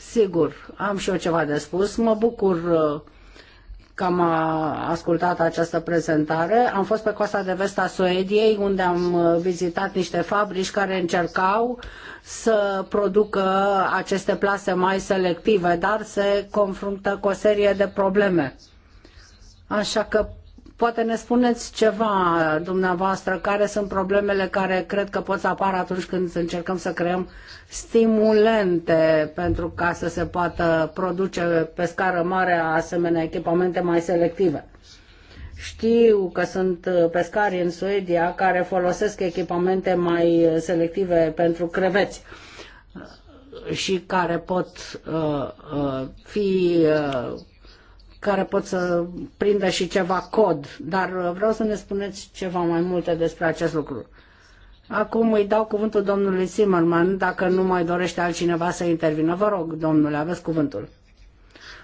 sigur, am și eu ceva de spus. Mă bucur uh, că am ascultat această prezentare. Am fost pe coasta de vest a Suediei, unde am uh, vizitat niște fabrici care încercau să producă aceste plase mai selective, dar se confruntă cu o serie de probleme. Așa că Poate ne spuneți ceva dumneavoastră, care sunt problemele care cred că pot să apară atunci când încercăm să creăm stimulente pentru ca să se poată produce pe scară mare asemenea echipamente mai selective. Știu că sunt pescari în Suedia care folosesc echipamente mai selective pentru creveți și care pot uh, uh, fi uh, care pot să prindă și ceva cod, dar vreau să ne spuneți ceva mai multe despre acest lucru. Acum îi dau cuvântul domnului Zimmerman, dacă nu mai dorește altcineva să intervină. Vă rog, domnule, aveți cuvântul.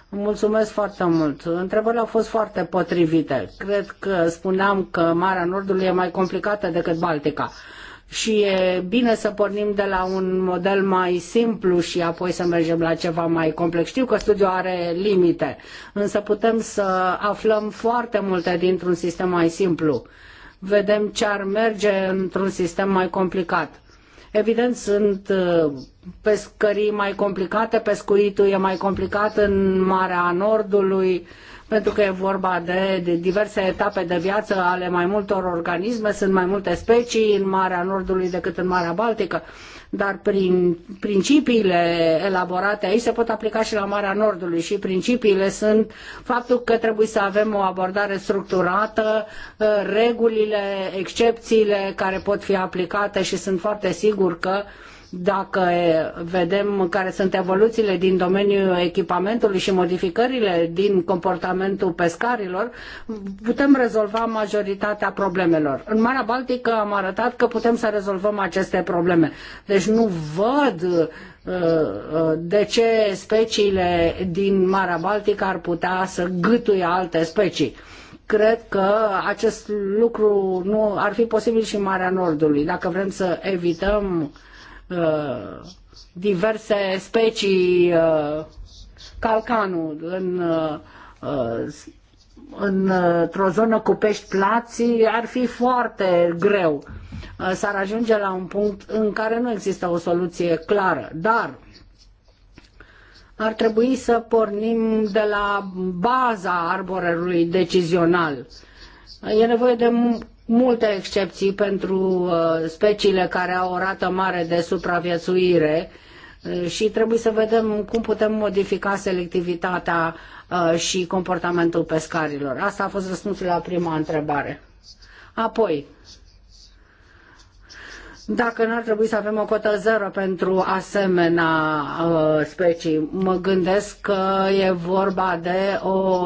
Mulțumesc foarte mult. Întrebările au fost foarte potrivite. Cred că spuneam că Marea Nordului e mai complicată decât Baltica și e bine să pornim de la un model mai simplu și apoi să mergem la ceva mai complex. Știu că studiul are limite, însă putem să aflăm foarte multe dintr-un sistem mai simplu. Vedem ce ar merge într-un sistem mai complicat. Evident, sunt uh, pescării mai complicate, pescuitul e mai complicat în Marea Nordului, uh, pentru că e vorba de, de diverse etape de viață ale mai multor organisme, sunt mai multe specii în Marea Nordului decât în Marea Baltică, dar prin principiile elaborate aici se pot aplica și la Marea Nordului și principiile sunt faptul că trebuie să avem o abordare structurată, ă, regulile, excepțiile care pot fi aplicate și sunt foarte sigur că uh, dacă vedem care sunt evoluțiile din domeniul echipamentului și modificările din comportamentul pescarilor, putem rezolva majoritatea problemelor. În Marea Baltică am arătat că putem să rezolvăm aceste probleme. Deci nu văd uh, uh, de ce speciile din Marea Baltică ar putea să gâtuie alte specii cred că acest lucru nu ar fi posibil și în Marea Nordului. Dacă vrem să evităm Uh, diverse specii uh, calcanul în uh, în, într-o zonă cu pești plații ar fi foarte greu. S-ar ajunge la un punct în care nu există o soluție clară, dar ar trebui să pornim de la baza arborelui decizional. E nevoie de multe excepții pentru uh, speciile care au o rată mare de supraviețuire uh, și trebuie să vedem cum putem modifica selectivitatea uh, și comportamentul pescarilor. Asta a fost răspunsul la prima întrebare. Apoi, dacă n-ar trebui să avem o cotă zero pentru asemenea uh, specii. Mă gândesc că e vorba de o,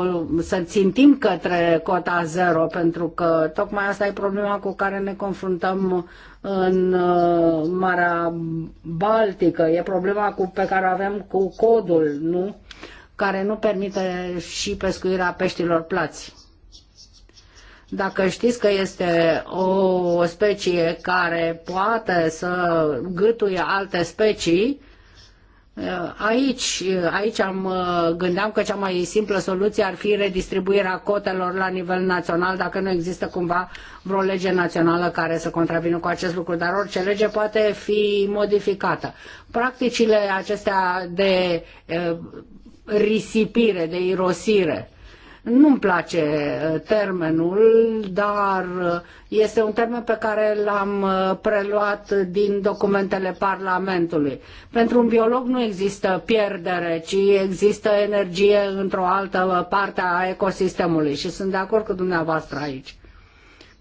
să țintim către cota zero, pentru că tocmai asta e problema cu care ne confruntăm în uh, Marea Baltică. E problema cu, pe care o avem cu codul, nu? care nu permite și pescuirea peștilor plați. Dacă știți că este o specie care poate să gâtuie alte specii, Aici, aici am, gândeam că cea mai simplă soluție ar fi redistribuirea cotelor la nivel național, dacă nu există cumva vreo lege națională care să contravină cu acest lucru, dar orice lege poate fi modificată. Practicile acestea de eh, risipire, de irosire, nu-mi place uh, termenul, dar uh, este un termen pe care l-am uh, preluat din documentele Parlamentului. Pentru un biolog nu există pierdere, ci există energie într-o altă parte a ecosistemului și sunt de acord cu dumneavoastră aici.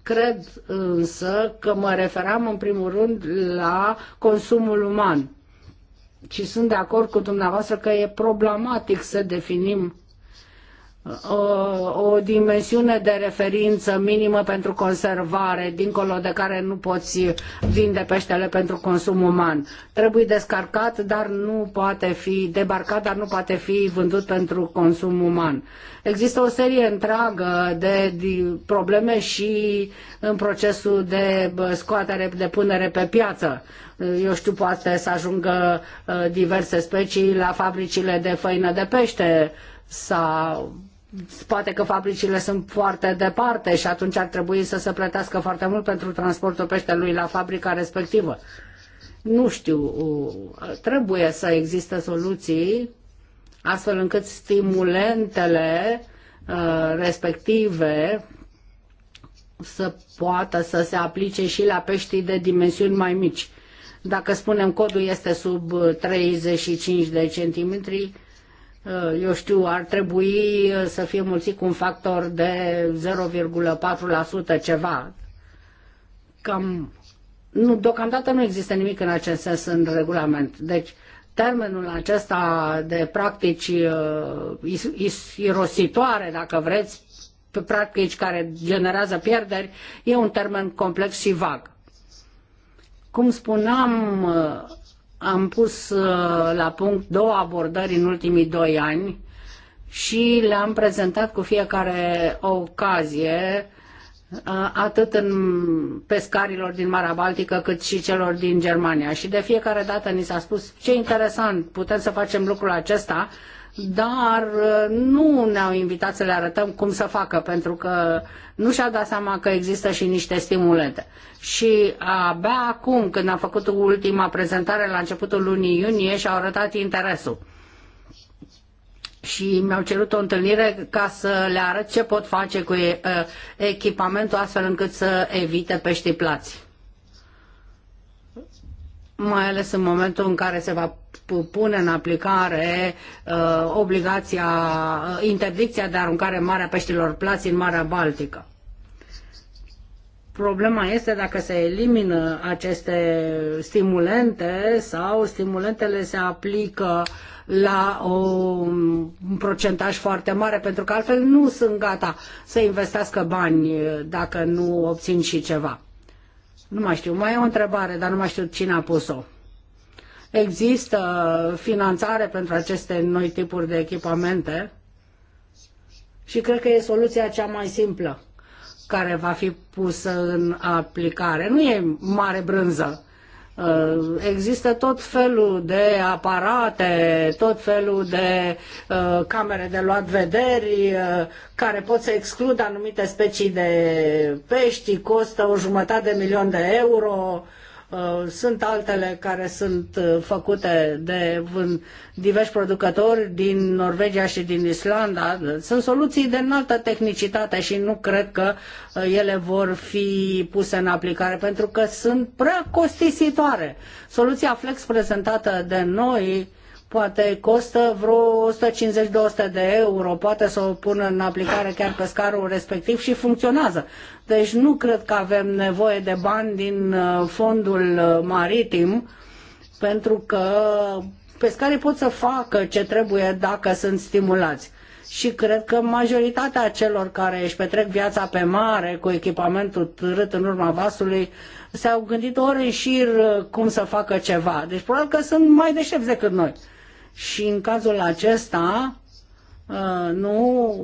Cred însă că mă referam în primul rând la consumul uman. Și sunt de acord cu dumneavoastră că e problematic să definim o, o dimensiune de referință minimă pentru conservare, dincolo de care nu poți vinde peștele pentru consum uman. Trebuie descarcat, dar nu poate fi debarcat, dar nu poate fi vândut pentru consum uman. Există o serie întreagă de, de probleme și în procesul de scoatere, de punere pe piață eu știu, poate să ajungă ă, diverse specii la fabricile de făină de pește sau poate că fabricile sunt foarte departe și atunci ar trebui să se plătească foarte mult pentru transportul peștelui la fabrica respectivă. Nu știu, trebuie să existe soluții astfel încât stimulentele uh, respective să poată să se aplice și la peștii de dimensiuni mai mici. Dacă spunem codul este sub 35 de centimetri, Eh, eu știu, ar trebui eh, să fie mulțit cu un factor de 0,4% ceva. Cam, nu, deocamdată nu există nimic în acest sens în regulament. Deci, termenul acesta de practici eh, is, is, irositoare, dacă vreți, practici care generează pierderi, e un termen complex și vag. Cum spuneam, am pus uh, la punct două abordări în ultimii doi ani și le-am prezentat cu fiecare ocazie uh, atât în pescarilor din Marea Baltică cât și celor din Germania. Și de fiecare dată ni s-a spus ce interesant, putem să facem lucrul acesta dar uh, nu ne-au invitat să le arătăm cum să facă, pentru că nu și-a dat seama că există și niște stimulente. Și abia acum, când am făcut ultima prezentare la începutul lunii iunie, și-au arătat interesul. Și mi-au cerut o întâlnire ca să le arăt ce pot face cu uh, echipamentul astfel încât să evite peștii plați mai ales în momentul în care se va pune în aplicare uh, obligația, uh, interdicția de aruncare în Marea Peștilor Plați în Marea Baltică. Problema este dacă se elimină aceste stimulente sau stimulentele se aplică la o, un procentaj foarte mare, pentru că altfel nu sunt gata să investească bani dacă nu obțin și ceva. Nu mai știu, mai e o întrebare, dar nu mai știu cine a pus-o. Există finanțare pentru aceste noi tipuri de echipamente și cred că e soluția cea mai simplă care va fi pusă în aplicare. Nu e mare brânză, Uh, există tot felul de aparate, tot felul de uh, camere de luat vederi uh, care pot să excludă anumite specii de pești, costă o jumătate de milion de euro, Uh, sunt altele care sunt uh, făcute de diversi producători din Norvegia și din Islanda. Sunt soluții de înaltă tehnicitate și nu cred că uh, ele vor fi puse în aplicare pentru că sunt prea costisitoare. Soluția Flex prezentată de noi poate costă vreo 150-200 de euro, poate să o pună în aplicare chiar pe scarul respectiv și funcționează. Deci nu cred că avem nevoie de bani din uh, fondul uh, maritim, pentru că pescarii pot să facă ce trebuie dacă sunt stimulați. Și cred că majoritatea celor care își petrec viața pe mare cu echipamentul târât în urma vasului s-au gândit ori în șir uh, cum să facă ceva. Deci probabil că sunt mai deștepți decât noi și în cazul acesta, uh, nu,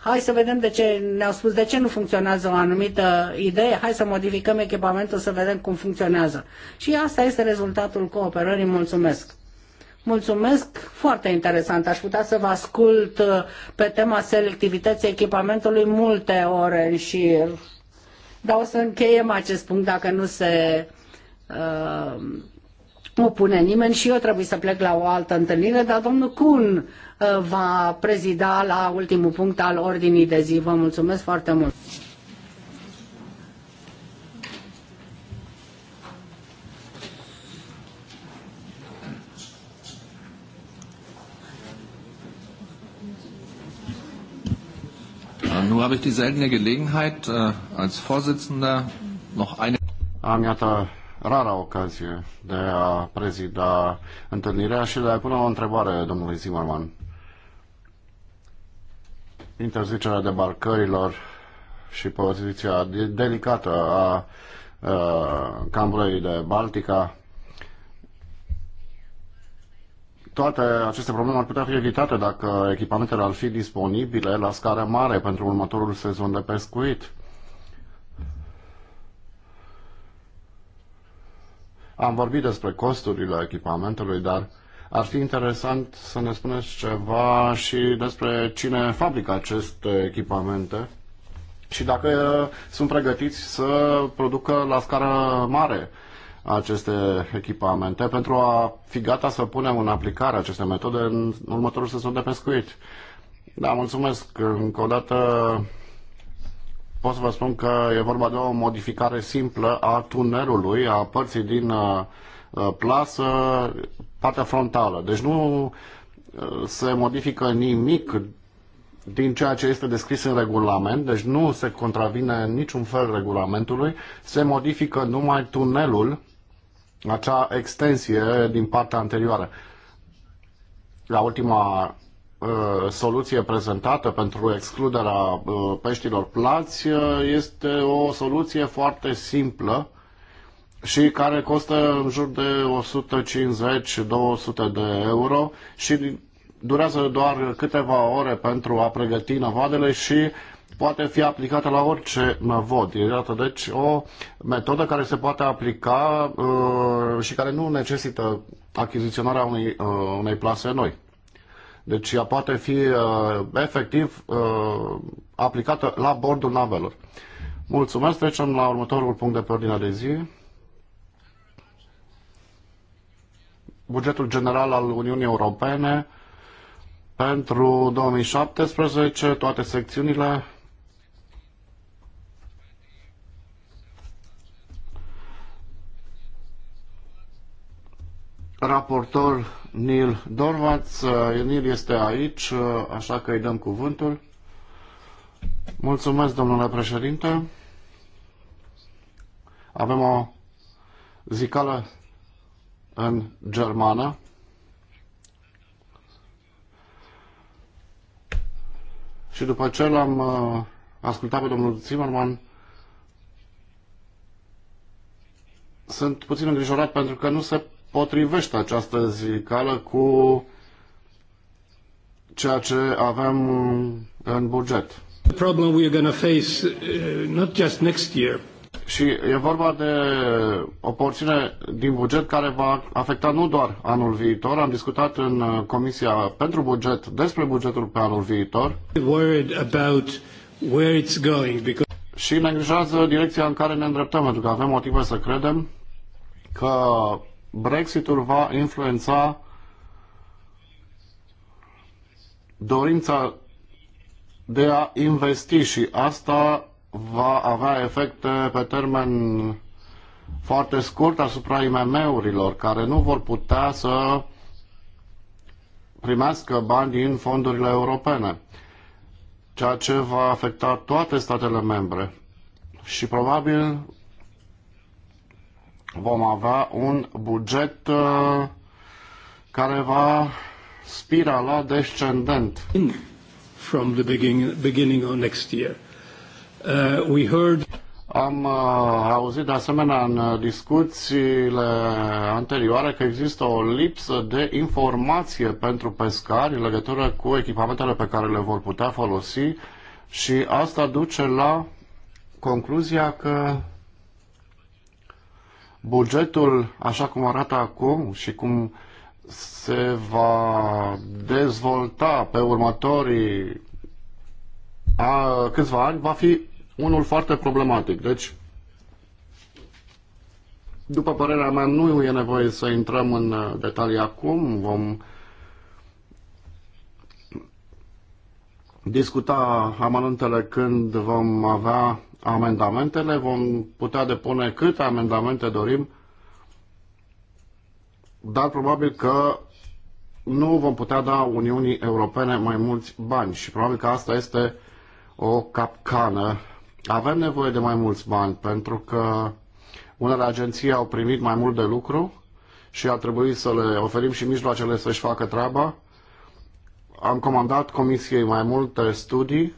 hai să vedem de ce ne-au spus de ce nu funcționează o anumită idee, hai să modificăm echipamentul să vedem cum funcționează. Și asta este rezultatul cooperării, mulțumesc. Mulțumesc, foarte interesant. Aș putea să vă ascult uh, pe tema selectivității echipamentului multe ore în șir, dar o să încheiem acest punct dacă nu se uh, nu pune nimeni și eu trebuie să plec la o altă întâlnire, dar domnul Cun uh, va prezida la ultimul punct al ordinii de zi. Vă mulțumesc foarte mult! Äh, äh, Am iată rara ocazie de a prezida întâlnirea și de a pune o întrebare domnului Zimmerman. Interzicerea debarcărilor și poziția delicată a Cambrei de Baltica. Toate aceste probleme ar putea fi evitate dacă echipamentele ar fi disponibile la scară mare pentru următorul sezon de pescuit. Am vorbit despre costurile echipamentului, dar ar fi interesant să ne spuneți ceva și despre cine fabrică aceste echipamente și dacă sunt pregătiți să producă la scară mare aceste echipamente pentru a fi gata să punem în aplicare aceste metode în următorul sezon de pescuit. Da, mulțumesc încă o dată pot să vă spun că e vorba de o modificare simplă a tunelului, a părții din uh, uh, plasă, partea frontală. Deci nu uh, se modifică nimic din ceea ce este descris în regulament, deci nu se contravine niciun fel regulamentului, se modifică numai tunelul, acea extensie din partea anterioară. La ultima Uh, soluție prezentată pentru excluderea uh, peștilor plați uh, este o soluție foarte simplă și care costă în jur de 150-200 de euro și durează doar câteva ore pentru a pregăti navadele și poate fi aplicată la orice navod. Iată, deci o metodă care se poate aplica uh, și care nu necesită achiziționarea unei, uh, unei plase noi. Deci ea poate fi uh, efectiv uh, aplicată la bordul navelor. Mulțumesc, trecem la următorul punct de pe ordinea de zi. Bugetul general al Uniunii Europene pentru 2017, toate secțiunile, raportor Neil Dorvaț. Uh, Neil este aici, uh, așa că îi dăm cuvântul. Mulțumesc, domnule președinte. Avem o zicală în germană. Și după ce l-am uh, ascultat pe domnul Zimmerman, sunt puțin îngrijorat pentru că nu se potrivește această zicală cu ceea ce avem în buget. Problem we are going to face uh, not just next year. Și e vorba de o porțiune din buget care va afecta nu doar anul viitor. Am discutat în Comisia pentru Buget despre bugetul pe anul viitor. Going, because... Și ne îngrijează direcția în care ne îndreptăm, pentru că avem motive să credem că Brexitul va influența dorința de a investi și asta va avea efecte pe termen foarte scurt asupra IMM-urilor care nu vor putea să primească bani din fondurile europene, ceea ce va afecta toate statele membre și probabil vom avea un buget uh, care va spirala descendent. From the beginning, beginning of next year. Uh, we heard... Am uh, auzit de asemenea în discuțiile anterioare că există o lipsă de informație pentru pescari în legătură cu echipamentele pe care le vor putea folosi și asta duce la concluzia că bugetul, așa cum arată acum și cum se va dezvolta pe următorii a, câțiva ani, va fi unul foarte problematic. Deci, după părerea mea, nu e nevoie să intrăm în detalii acum. Vom discuta amănuntele când vom avea amendamentele, vom putea depune câte amendamente dorim, dar probabil că nu vom putea da Uniunii Europene mai mulți bani și probabil că asta este o capcană. Avem nevoie de mai mulți bani pentru că unele agenții au primit mai mult de lucru și ar trebui să le oferim și mijloacele să-și facă treaba am comandat comisiei mai multe studii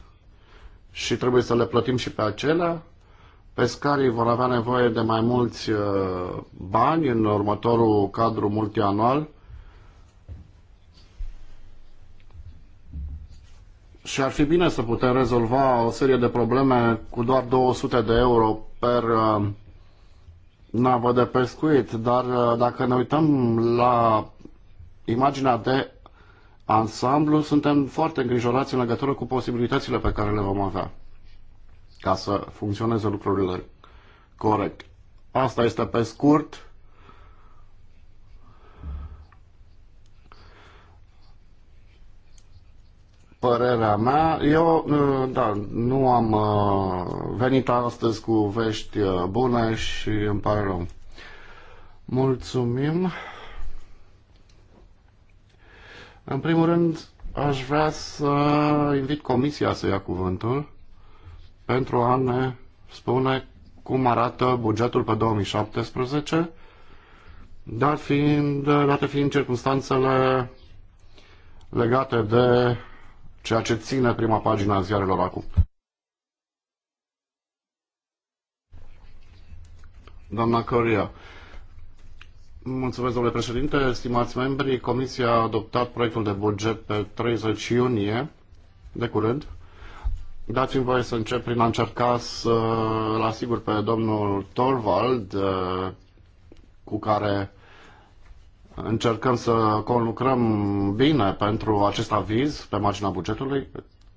și trebuie să le plătim și pe acelea. Pescarii vor avea nevoie de mai mulți uh, bani în următorul cadru multianual și ar fi bine să putem rezolva o serie de probleme cu doar 200 de euro per uh, navă de pescuit, dar uh, dacă ne uităm la imaginea de ansamblu suntem foarte îngrijorați în legătură cu posibilitățile pe care le vom avea ca să funcționeze lucrurile corect. Asta este pe scurt. Părerea mea, eu uh, da, nu am uh, venit astăzi cu vești uh, bune și îmi pare rău. Mulțumim. În primul rând, aș vrea să invit Comisia să ia cuvântul pentru a ne spune cum arată bugetul pe 2017, dar fiind, date fiind circunstanțele legate de ceea ce ține prima pagina a ziarelor acum. Doamna Coria, Mulțumesc, domnule președinte. Stimați membri, Comisia a adoptat proiectul de buget pe 30 iunie, de curând. Dați-mi voie să încep prin a încerca să îl asigur pe domnul Torvald, eh, cu care încercăm să conlucrăm bine pentru acest aviz pe marginea bugetului.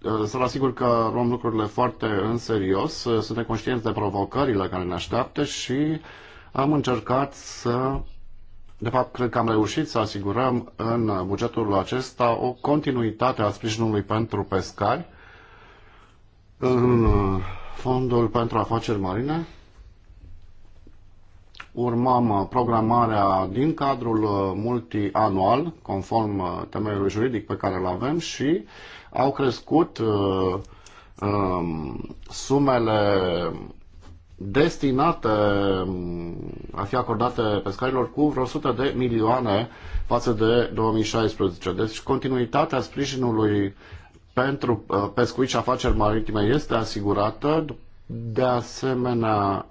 Eh, să-l asigur că luăm lucrurile foarte în serios, eh, suntem conștienți de provocările care ne așteaptă și am încercat să de fapt, cred că am reușit să asigurăm în bugetul acesta o continuitate a sprijinului pentru pescari în fondul pentru afaceri marine. Urmăm programarea din cadrul multianual, conform temeiului juridic pe care îl avem și au crescut uh, um, sumele destinate mm, a fi acordate pescarilor cu vreo 100 de milioane față de 2016. Deci continuitatea sprijinului pentru uh, pescuit și afaceri maritime este asigurată. De asemenea,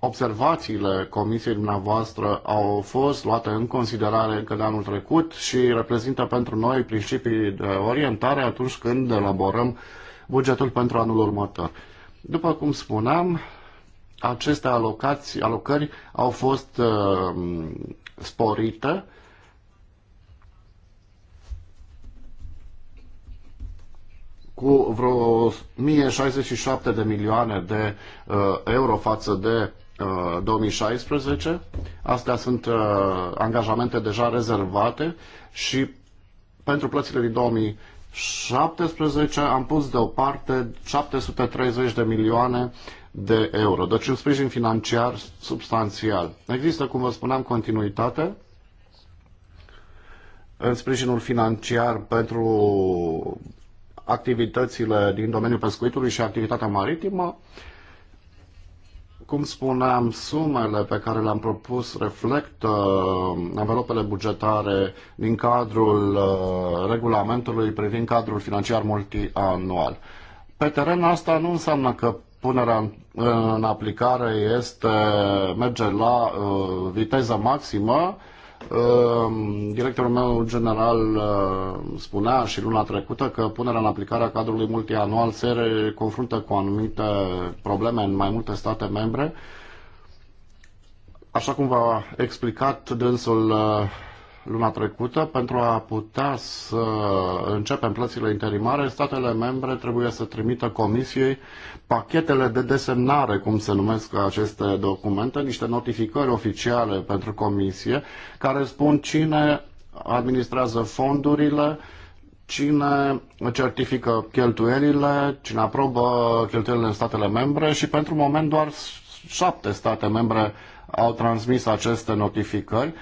observațiile comisiei dumneavoastră au fost luate în considerare încă de anul trecut și reprezintă pentru noi principii de orientare atunci când elaborăm bugetul pentru anul următor. După cum spuneam, aceste alocații, alocări au fost uh, sporite cu vreo 1067 de milioane de uh, euro față de uh, 2016. Astea sunt uh, angajamente deja rezervate și pentru plățile din 2017 am pus deoparte 730 de milioane de euro. Deci un sprijin financiar substanțial. Există, cum vă spuneam, continuitate în sprijinul financiar pentru activitățile din domeniul pescuitului și activitatea maritimă. Cum spuneam, sumele pe care le-am propus reflectă envelopele bugetare din cadrul uh, regulamentului privind cadrul financiar multianual. Pe teren asta nu înseamnă că punerea în în aplicare este, merge la uh, viteză maximă. Uh, directorul meu general uh, spunea și luna trecută că punerea în aplicare a cadrului multianual se confruntă cu anumite probleme în mai multe state membre. Așa cum v-a explicat dânsul uh, luna trecută, pentru a putea să începem plățile interimare, statele membre trebuie să trimită comisiei pachetele de desemnare, cum se numesc aceste documente, niște notificări oficiale pentru comisie, care spun cine administrează fondurile, cine certifică cheltuielile, cine aprobă cheltuielile în statele membre și pentru moment doar șapte state membre au transmis aceste notificări.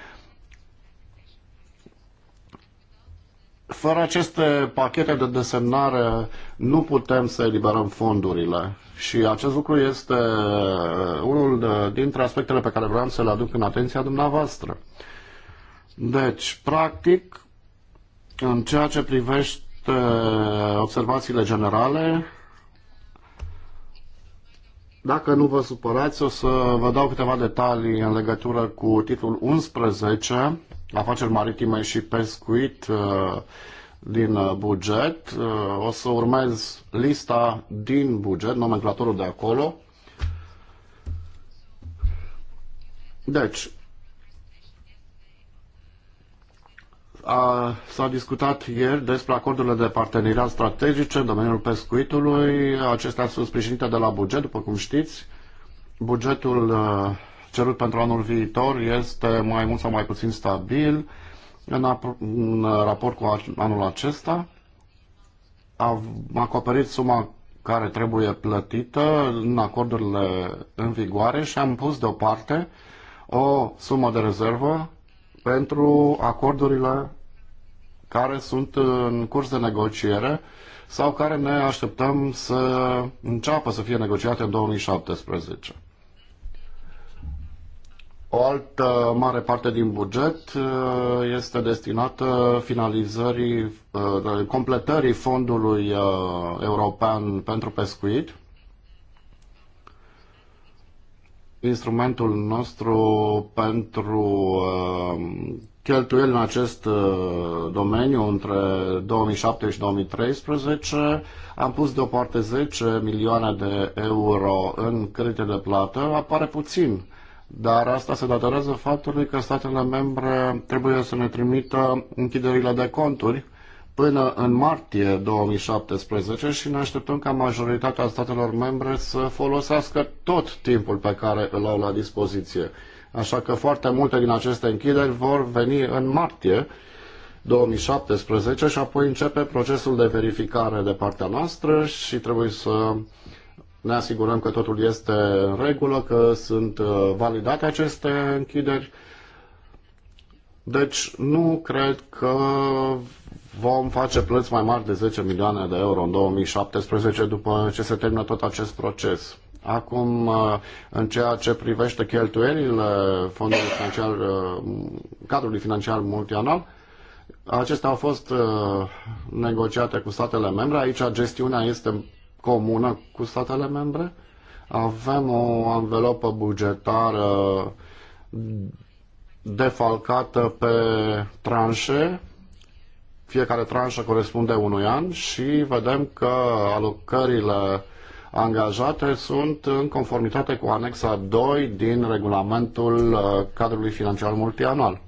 Fără aceste pachete de desemnare nu putem să eliberăm fondurile și acest lucru este uh, unul dintre aspectele pe care vreau să le aduc în atenția dumneavoastră. Deci, practic, în ceea ce privește observațiile generale, dacă nu vă supărați, o să vă dau câteva detalii în legătură cu titlul 11, afaceri maritime și pescuit uh, din uh, buget. Uh, o să urmez lista din buget, nomenclatorul de acolo. Deci, s-a discutat ieri despre acordurile de parteneriat strategice în domeniul pescuitului. Acestea sunt sprijinite de la buget, după cum știți. Bugetul cerut pentru anul viitor este mai mult sau mai puțin stabil în, în raport cu anul acesta. Am acoperit suma care trebuie plătită în acordurile în vigoare și am pus deoparte o sumă de rezervă pentru acordurile care sunt în curs de negociere sau care ne așteptăm să înceapă să fie negociate în 2017. O altă mare parte din buget uh, este destinată finalizării, uh, completării fondului uh, european pentru pescuit. Instrumentul nostru pentru cheltuieli în acest domeniu între 2007 și 2013. Am pus deoparte 10 milioane de euro în credite de plată. Apare puțin dar asta se datorează faptului că statele membre trebuie să ne trimită închiderile de conturi până în martie 2017 și ne așteptăm ca majoritatea statelor membre să folosească tot timpul pe care îl au la dispoziție. Așa că foarte multe din aceste închideri vor veni în martie 2017 și apoi începe procesul de verificare de partea noastră și trebuie să ne asigurăm că totul este în regulă, că sunt uh, validate aceste închideri. Deci nu cred că vom face plăți mai mari de 10 milioane de euro în 2017 după ce se termină tot acest proces. Acum, uh, în ceea ce privește cheltuielile fondului financiar, uh, cadrului financiar multianual, acestea au fost negociate cu statele membre. Aici gestiunea este comună cu statele membre. Avem o anvelopă bugetară defalcată pe tranșe. Fiecare tranșă corespunde unui an și vedem că alocările angajate sunt în conformitate cu anexa 2 din regulamentul uh, cadrului financiar multianual.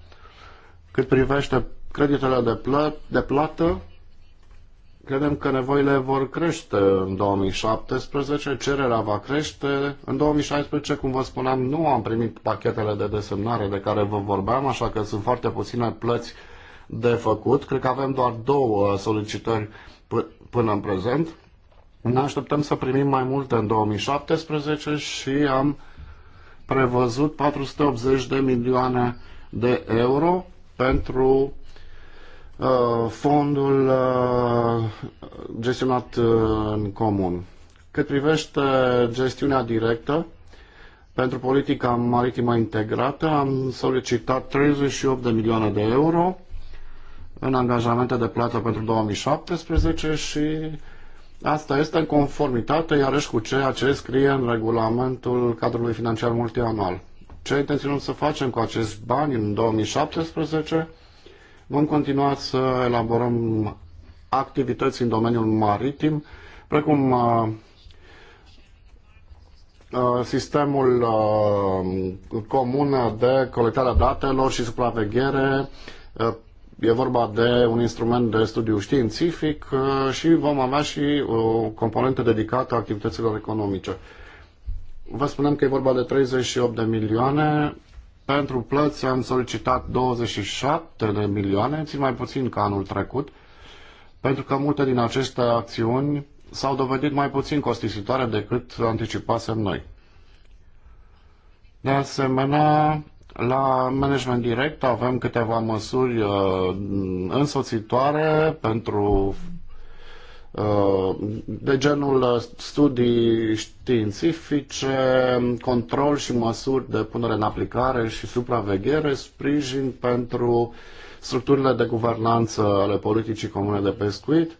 Cât privește creditele de, plă- de plată, Credem că nevoile vor crește în 2017, cererea va crește. În 2016, cum vă spuneam, nu am primit pachetele de desemnare de care vă vorbeam, așa că sunt foarte puține plăți de făcut. Cred că avem doar două solicitări până în prezent. Ne așteptăm să primim mai multe în 2017 și am prevăzut 480 de milioane de euro pentru Uh, fondul uh, gestionat uh, în comun. Cât privește gestiunea directă, pentru politica maritimă integrată am solicitat 38 de milioane de euro în angajamente de plată pentru 2017 și asta este în conformitate iarăși cu ceea ce scrie în regulamentul cadrului financiar multianual. Ce intenționăm să facem cu acești bani în 2017? Vom continua să elaborăm activități în domeniul maritim, precum uh, uh, sistemul uh, comun de colectare a datelor și supraveghere. E vorba de un instrument de studiu științific și vom avea și o componentă dedicată activităților economice. Vă spunem că e vorba de 38 de milioane pentru plăți am solicitat 27 de milioane, țin mai puțin ca anul trecut, pentru că multe din aceste acțiuni s-au dovedit mai puțin costisitoare decât anticipasem noi. De asemenea, la management direct avem câteva măsuri uh, însoțitoare pentru Uh, de genul uh, studii științifice, control și măsuri de punere în aplicare și supraveghere, sprijin pentru structurile de guvernanță ale politicii comune de pescuit.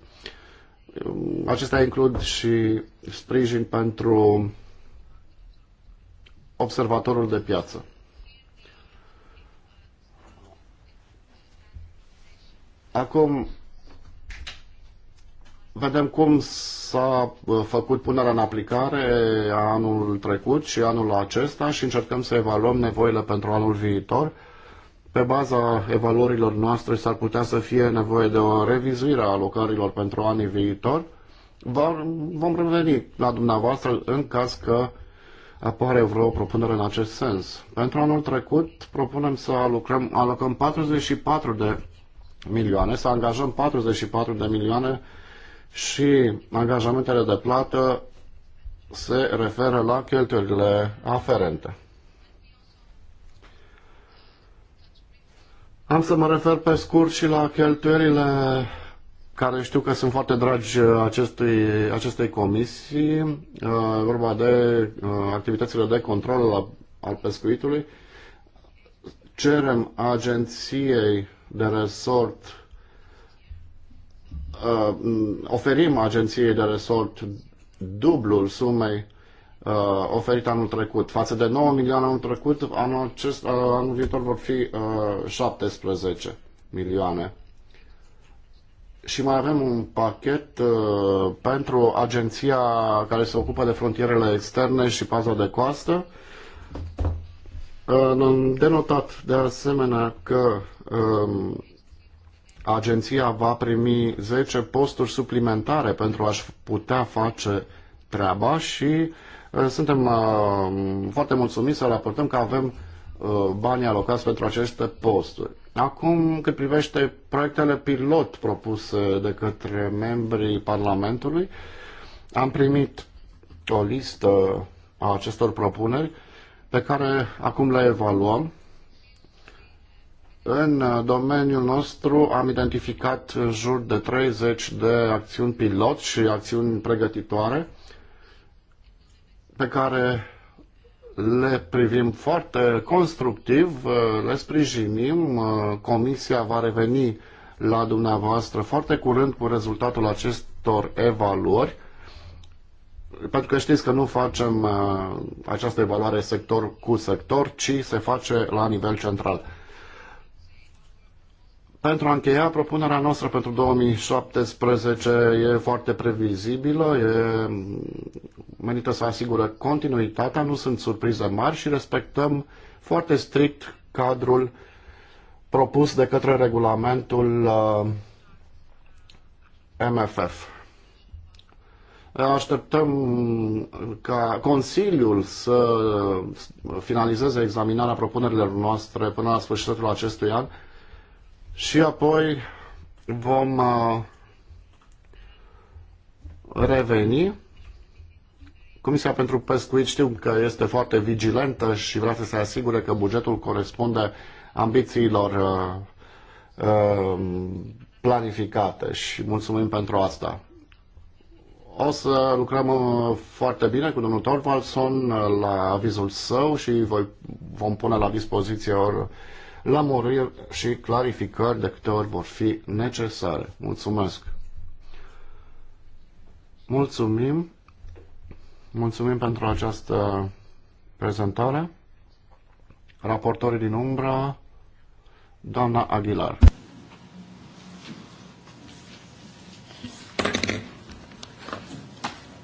Uh, acestea includ și sprijin pentru observatorul de piață. Acum, Vedem cum s-a uh, făcut punerea în aplicare anul trecut și anul acesta și încercăm să evaluăm nevoile pentru anul viitor. Pe baza evaluărilor noastre s-ar putea să fie nevoie de o revizuire a alocărilor pentru anii viitor. Vom reveni la dumneavoastră în caz că apare vreo propunere în acest sens. Pentru anul trecut propunem să lucrăm, alocăm 44 de milioane, să angajăm 44 de milioane și angajamentele de plată se referă la cheltuielile aferente. Am să mă refer pe scurt și la cheltuielile care știu că sunt foarte dragi acestui, acestei comisii, uh, vorba de uh, activitățile de control al pescuitului. Cerem agenției de resort Uh, oferim agenției de resort dublul sumei uh, oferit anul trecut. Față de 9 milioane anul trecut, anul, acest, uh, anul viitor vor fi uh, 17 milioane. Și mai avem un pachet uh, pentru agenția care se ocupă de frontierele externe și paza de coastă. Uh, am denotat de asemenea că um, agenția va primi 10 posturi suplimentare pentru a-și putea face treaba și uh, suntem uh, foarte mulțumiți să raportăm că avem uh, banii alocați pentru aceste posturi. Acum, cât privește proiectele pilot propuse de către membrii Parlamentului, am primit o listă a acestor propuneri pe care acum le evaluăm în domeniul nostru am identificat în jur de 30 de acțiuni pilot și acțiuni pregătitoare pe care le privim foarte constructiv, le sprijinim. Comisia va reveni la dumneavoastră foarte curând cu rezultatul acestor evaluări, pentru că știți că nu facem uh, această evaluare sector cu sector, ci se face la nivel central. Pentru a încheia, propunerea noastră pentru 2017 e foarte previzibilă, e menită să asigure continuitatea, nu sunt surprize mari și respectăm foarte strict cadrul propus de către regulamentul uh, MFF. Așteptăm ca Consiliul să finalizeze examinarea propunerilor noastre până la sfârșitul acestui an și apoi vom uh, reveni. Comisia pentru Pescuit știu că este foarte vigilentă și vrea să se asigure că bugetul corespunde ambițiilor uh, uh, planificate și mulțumim pentru asta. O să lucrăm foarte bine cu domnul Torvaldson la avizul său și voi, vom pune la dispoziție ori lămuriri și clarificări de câte ori vor fi necesare. Mulțumesc! Mulțumim! Mulțumim pentru această prezentare. Raportorii din umbra, doamna Aguilar.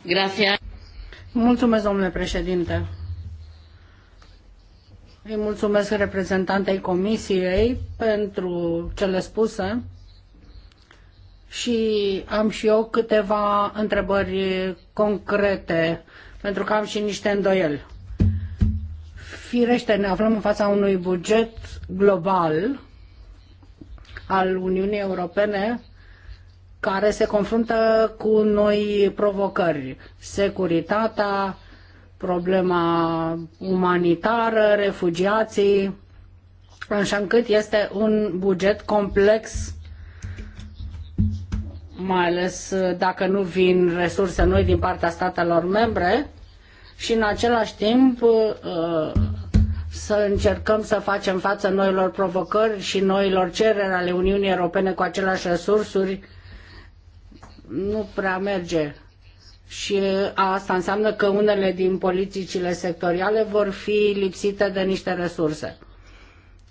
Grazie. Mulțumesc, domnule președinte. Îi mulțumesc reprezentantei Comisiei pentru cele spuse și am și eu câteva întrebări concrete, pentru că am și niște îndoieli. Firește, ne aflăm în fața unui buget global al Uniunii Europene care se confruntă cu noi provocări. Securitatea, problema umanitară, refugiații, așa încât este un buget complex, mai ales dacă nu vin resurse noi din partea statelor membre și în același timp uh, să încercăm să facem față noilor provocări și noilor cereri ale Uniunii Europene cu aceleași resursuri nu prea merge și asta înseamnă că unele din politicile sectoriale vor fi lipsite de niște resurse.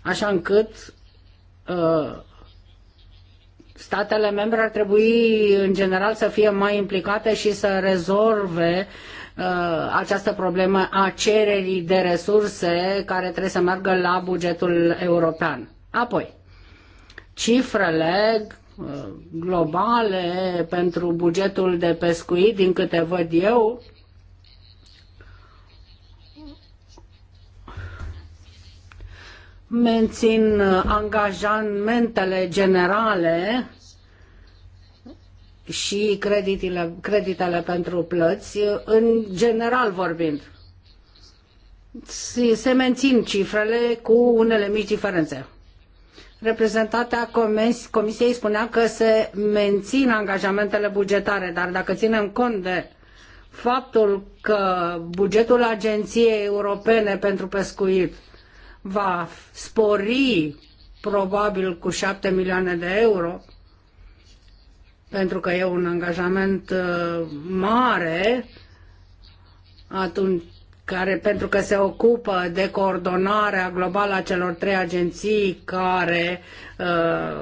Așa încât uh, statele membre ar trebui în general să fie mai implicate și să rezolve uh, această problemă a cererii de resurse care trebuie să meargă la bugetul european. Apoi, cifrele globale pentru bugetul de pescuit, din câte văd eu, mențin angajamentele generale și creditele, creditele pentru plăți, în general vorbind. Se mențin cifrele cu unele mici diferențe reprezentatea Comisiei spunea că se mențin angajamentele bugetare, dar dacă ținem cont de faptul că bugetul Agenției Europene pentru Pescuit va spori probabil cu 7 milioane de euro, pentru că e un angajament uh, mare, atunci care, pentru că se ocupă de coordonarea globală a celor trei agenții care, uh,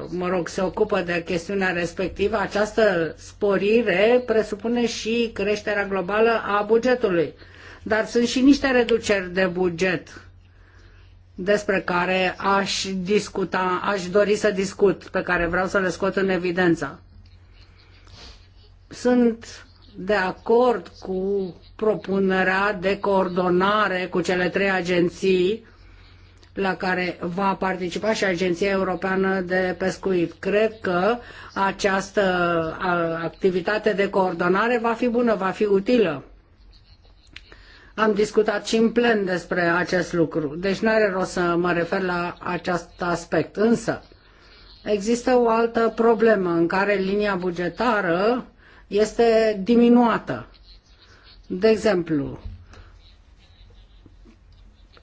mă rog, se ocupă de chestiunea respectivă, această sporire presupune și creșterea globală a bugetului. Dar sunt și niște reduceri de buget despre care aș discuta, aș dori să discut, pe care vreau să le scot în evidență. Sunt de acord cu propunerea de coordonare cu cele trei agenții la care va participa și Agenția Europeană de Pescuit. Cred că această activitate de coordonare va fi bună, va fi utilă. Am discutat și în plen despre acest lucru, deci nu are rost să mă refer la acest aspect. Însă, există o altă problemă în care linia bugetară este diminuată. De exemplu,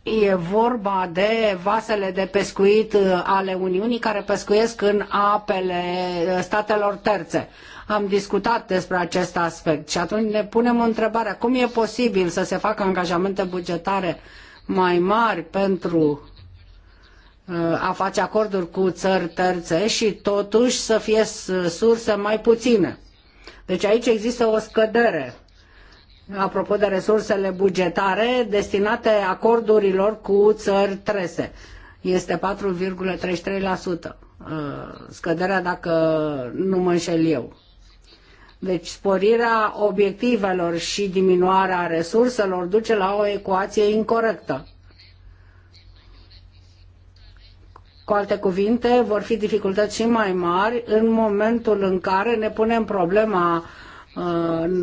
e vorba de vasele de pescuit uh, ale Uniunii care pescuiesc în apele uh, statelor terțe. Am discutat despre acest aspect și atunci ne punem întrebarea cum e posibil să se facă angajamente bugetare mai mari pentru uh, a face acorduri cu țări terțe și totuși să fie surse mai puține. Deci aici există o scădere apropo de resursele bugetare destinate acordurilor cu țări trese. Este 4,33% uh, scăderea dacă nu mă înșel eu. Deci sporirea obiectivelor și diminuarea resurselor duce la o ecuație incorrectă. Cu alte cuvinte, vor fi dificultăți și mai mari în momentul în care ne punem problema uh,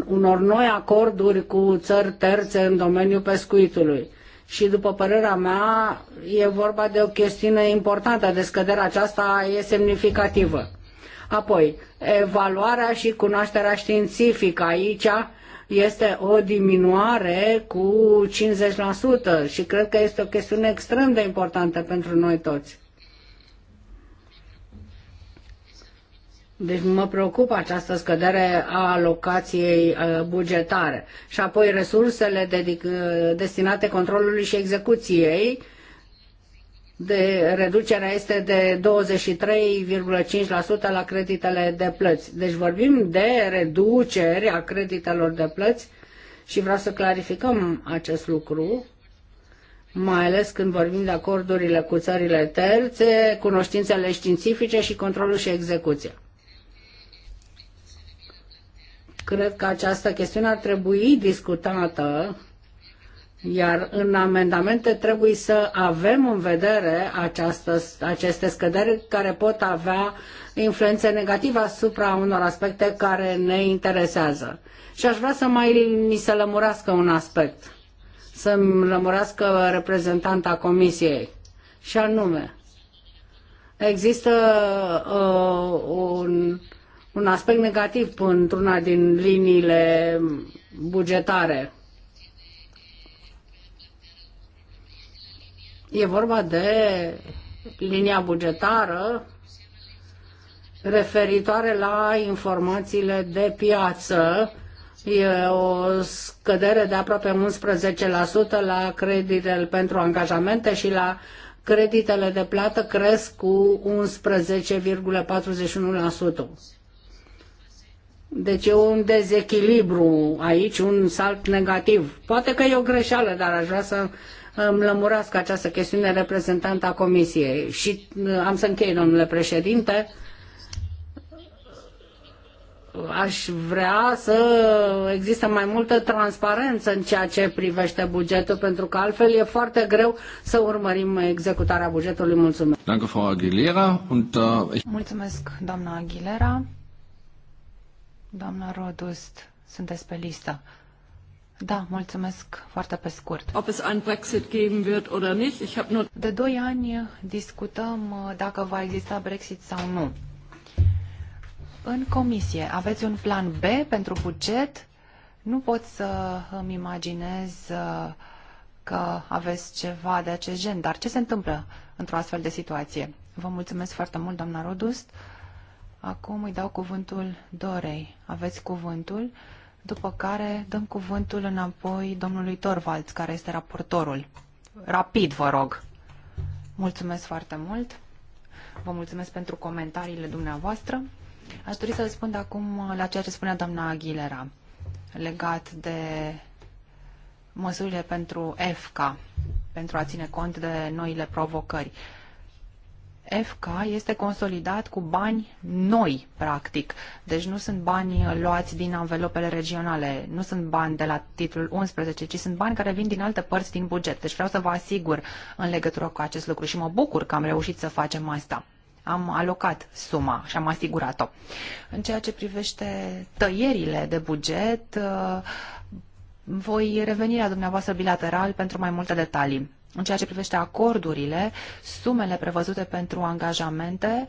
unor noi acorduri cu țări terțe în domeniul pescuitului. Și după părerea mea, e vorba de o chestiune importantă, de scăderea aceasta e semnificativă. Apoi, evaluarea și cunoașterea științifică aici este o diminuare cu 50% și cred că este o chestiune extrem de importantă pentru noi toți. Deci mă preocupă această scădere a alocației uh, bugetare și apoi resursele dedic- uh, destinate controlului și execuției de reducerea este de 23,5% la creditele de plăți. Deci vorbim de reduceri a creditelor de plăți și vreau să clarificăm acest lucru, mai ales când vorbim de acordurile cu țările terțe, cunoștințele științifice și controlul și execuția. Cred că această chestiune ar trebui discutată, iar în amendamente trebuie să avem în vedere această, aceste scăderi care pot avea influențe negative asupra unor aspecte care ne interesează. Și aș vrea să mai mi se lămurească un aspect, să-mi lămurească reprezentanta comisiei, și anume, există uh, un un aspect negativ într-una din liniile bugetare. E vorba de linia bugetară referitoare la informațiile de piață. E o scădere de aproape 11% la creditele pentru angajamente și la creditele de plată cresc cu 11,41%. Deci e un dezechilibru aici, un salt negativ. Poate că e o greșeală, dar aș vrea să îmi lămurească această chestiune reprezentanta Comisiei. Și uh, am să închei, domnule președinte. Aș vrea să existe mai multă transparență în ceea ce privește bugetul, pentru că altfel e foarte greu să urmărim executarea bugetului. Mulțumesc. Uh, Mulțumesc, doamna Aguilera. Doamna Rodust, sunteți pe listă. Da, mulțumesc foarte pe scurt. Ob es ein Brexit geben wird oder nicht, ich habe nur... De doi ani discutăm dacă va exista Brexit sau nu. În comisie, aveți un plan B pentru buget? Nu pot să îmi imaginez uh, că aveți ceva de acest gen, dar ce se întâmplă într-o astfel de situație? Vă mulțumesc foarte mult, doamna Rodust. Acum îi dau cuvântul Dorei. Aveți cuvântul, după care dăm cuvântul înapoi domnului Torvalds, care este raportorul. Rapid, vă rog. Mulțumesc foarte mult. Vă mulțumesc pentru comentariile dumneavoastră. Aș dori să răspund acum la ceea ce spunea doamna Aguilera legat de măsurile pentru EFCA, pentru a ține cont de noile provocări. Uh, FK este consolidat cu bani noi, practic. Deci nu sunt bani luați din anvelopele regionale, nu sunt bani de la titlul 11, ci sunt bani care vin din alte părți din buget. Deci vreau să vă asigur în legătură cu acest lucru și mă bucur că am reușit să facem asta. Am alocat suma și am asigurat-o. În ceea ce privește tăierile de buget, uh, voi reveni la dumneavoastră bilateral pentru mai multe detalii. În ceea ce privește acordurile, sumele prevăzute pentru angajamente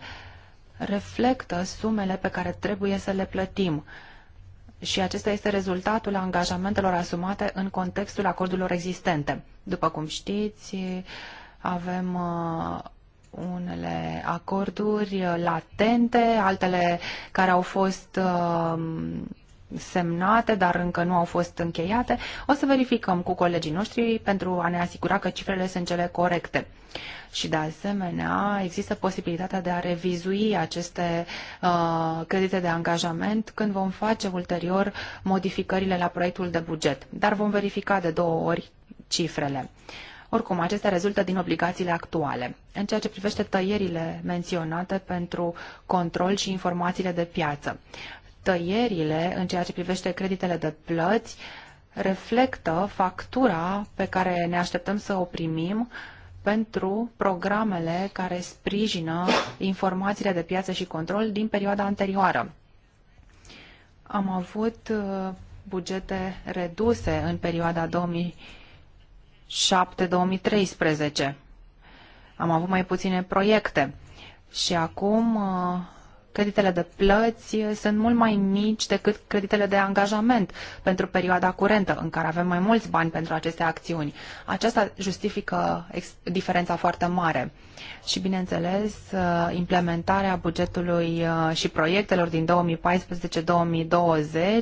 reflectă sumele pe care trebuie să le plătim. Și acesta este rezultatul angajamentelor asumate în contextul acordurilor existente. După cum știți, avem uh, unele acorduri uh, latente, altele care au fost uh, semnate, dar încă nu au fost încheiate. O să verificăm cu colegii noștri pentru a ne asigura că cifrele sunt cele corecte. Și de asemenea, există posibilitatea de a revizui aceste uh, credite de angajament când vom face ulterior modificările la proiectul de buget. Dar vom verifica de două ori cifrele. Oricum, acestea rezultă din obligațiile actuale. În ceea ce privește tăierile menționate pentru control și informațiile de piață, tăierile în ceea ce privește creditele de plăți reflectă factura pe care ne așteptăm să o primim pentru programele care sprijină informațiile de piață și control din perioada anterioară. Am avut uh, bugete reduse în perioada 2007-2013. Am avut mai puține proiecte și acum uh, Creditele de plăți sunt mult mai mici decât creditele de angajament pentru perioada curentă, în care avem mai mulți bani pentru aceste acțiuni. Aceasta justifică diferența foarte mare. Și, bineînțeles, implementarea bugetului și proiectelor din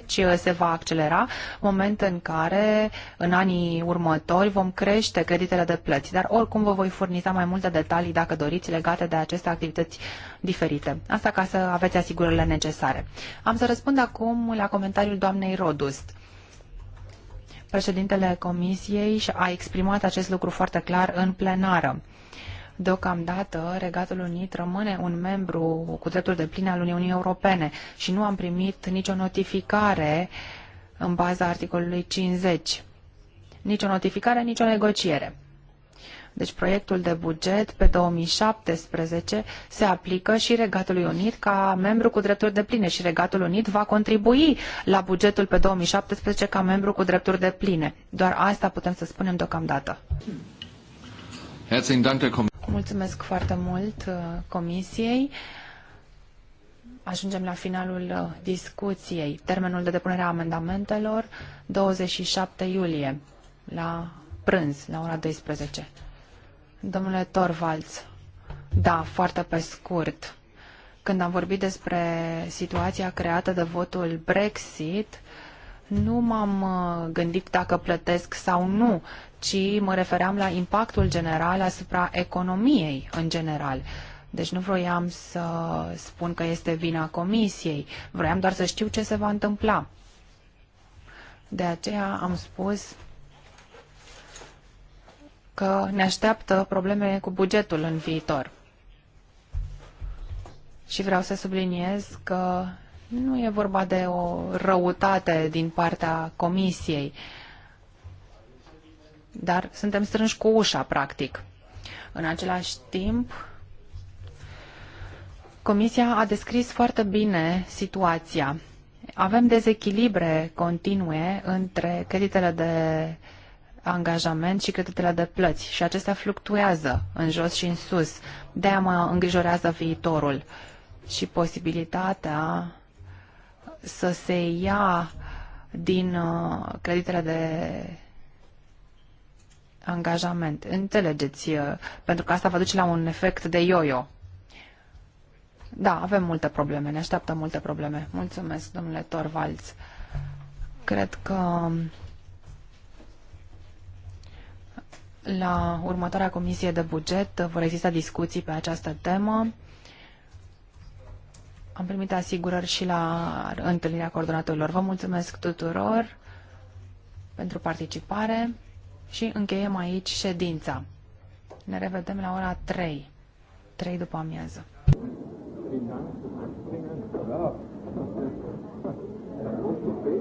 2014-2020 se va accelera, moment în care, în anii următori, vom crește creditele de plăți. Dar, oricum, vă voi furniza mai multe detalii, dacă doriți, legate de aceste activități diferite. Asta ca să aveți asigurările necesare. Am să răspund acum la comentariul doamnei Rodust. Președintele Comisiei a exprimat acest lucru foarte clar în plenară. Deocamdată, Regatul Unit rămâne un membru cu dreptul de plin al Uniunii Europene și nu am primit nicio notificare în baza articolului 50. nicio notificare, nicio negociere. Deci proiectul de buget pe 2017 se aplică și Regatului Unit ca membru cu drepturi de pline și Regatul Unit va contribui la bugetul pe 2017 ca membru cu drepturi de pline. Doar asta putem să spunem deocamdată. Mulțumesc foarte mult uh, Comisiei. Ajungem la finalul uh, discuției. Termenul de depunere a amendamentelor 27 iulie la prânz, la ora 12. Domnule Torvalds, da, foarte pe scurt. Când am vorbit despre situația creată de votul Brexit, nu m-am uh, gândit dacă plătesc sau nu, ci mă refeream la impactul general asupra economiei în general. Deci nu vroiam să spun că este vina comisiei, vroiam doar să știu ce se va întâmpla. De aceea am spus că ne așteaptă probleme cu bugetul în viitor. Și vreau să subliniez că nu e vorba de o răutate din partea comisiei, dar suntem strânși cu ușa, practic. În același timp, comisia a descris foarte bine situația. Avem dezechilibre continue între creditele de angajament și creditele de plăți și acestea fluctuează în jos și în sus. De-aia mă îngrijorează viitorul și posibilitatea să se ia din uh, creditele de angajament. Înțelegeți, uh, pentru că asta va duce la un efect de yo-yo. Da, avem multe probleme, ne așteaptă multe probleme. Mulțumesc, domnule Torvalds. Cred că um, La următoarea comisie de buget vor exista discuții pe această temă. Am primit asigurări și la întâlnirea coordonatorilor. Vă mulțumesc tuturor pentru participare și încheiem aici ședința. Ne revedem la ora 3, 3 după amiază.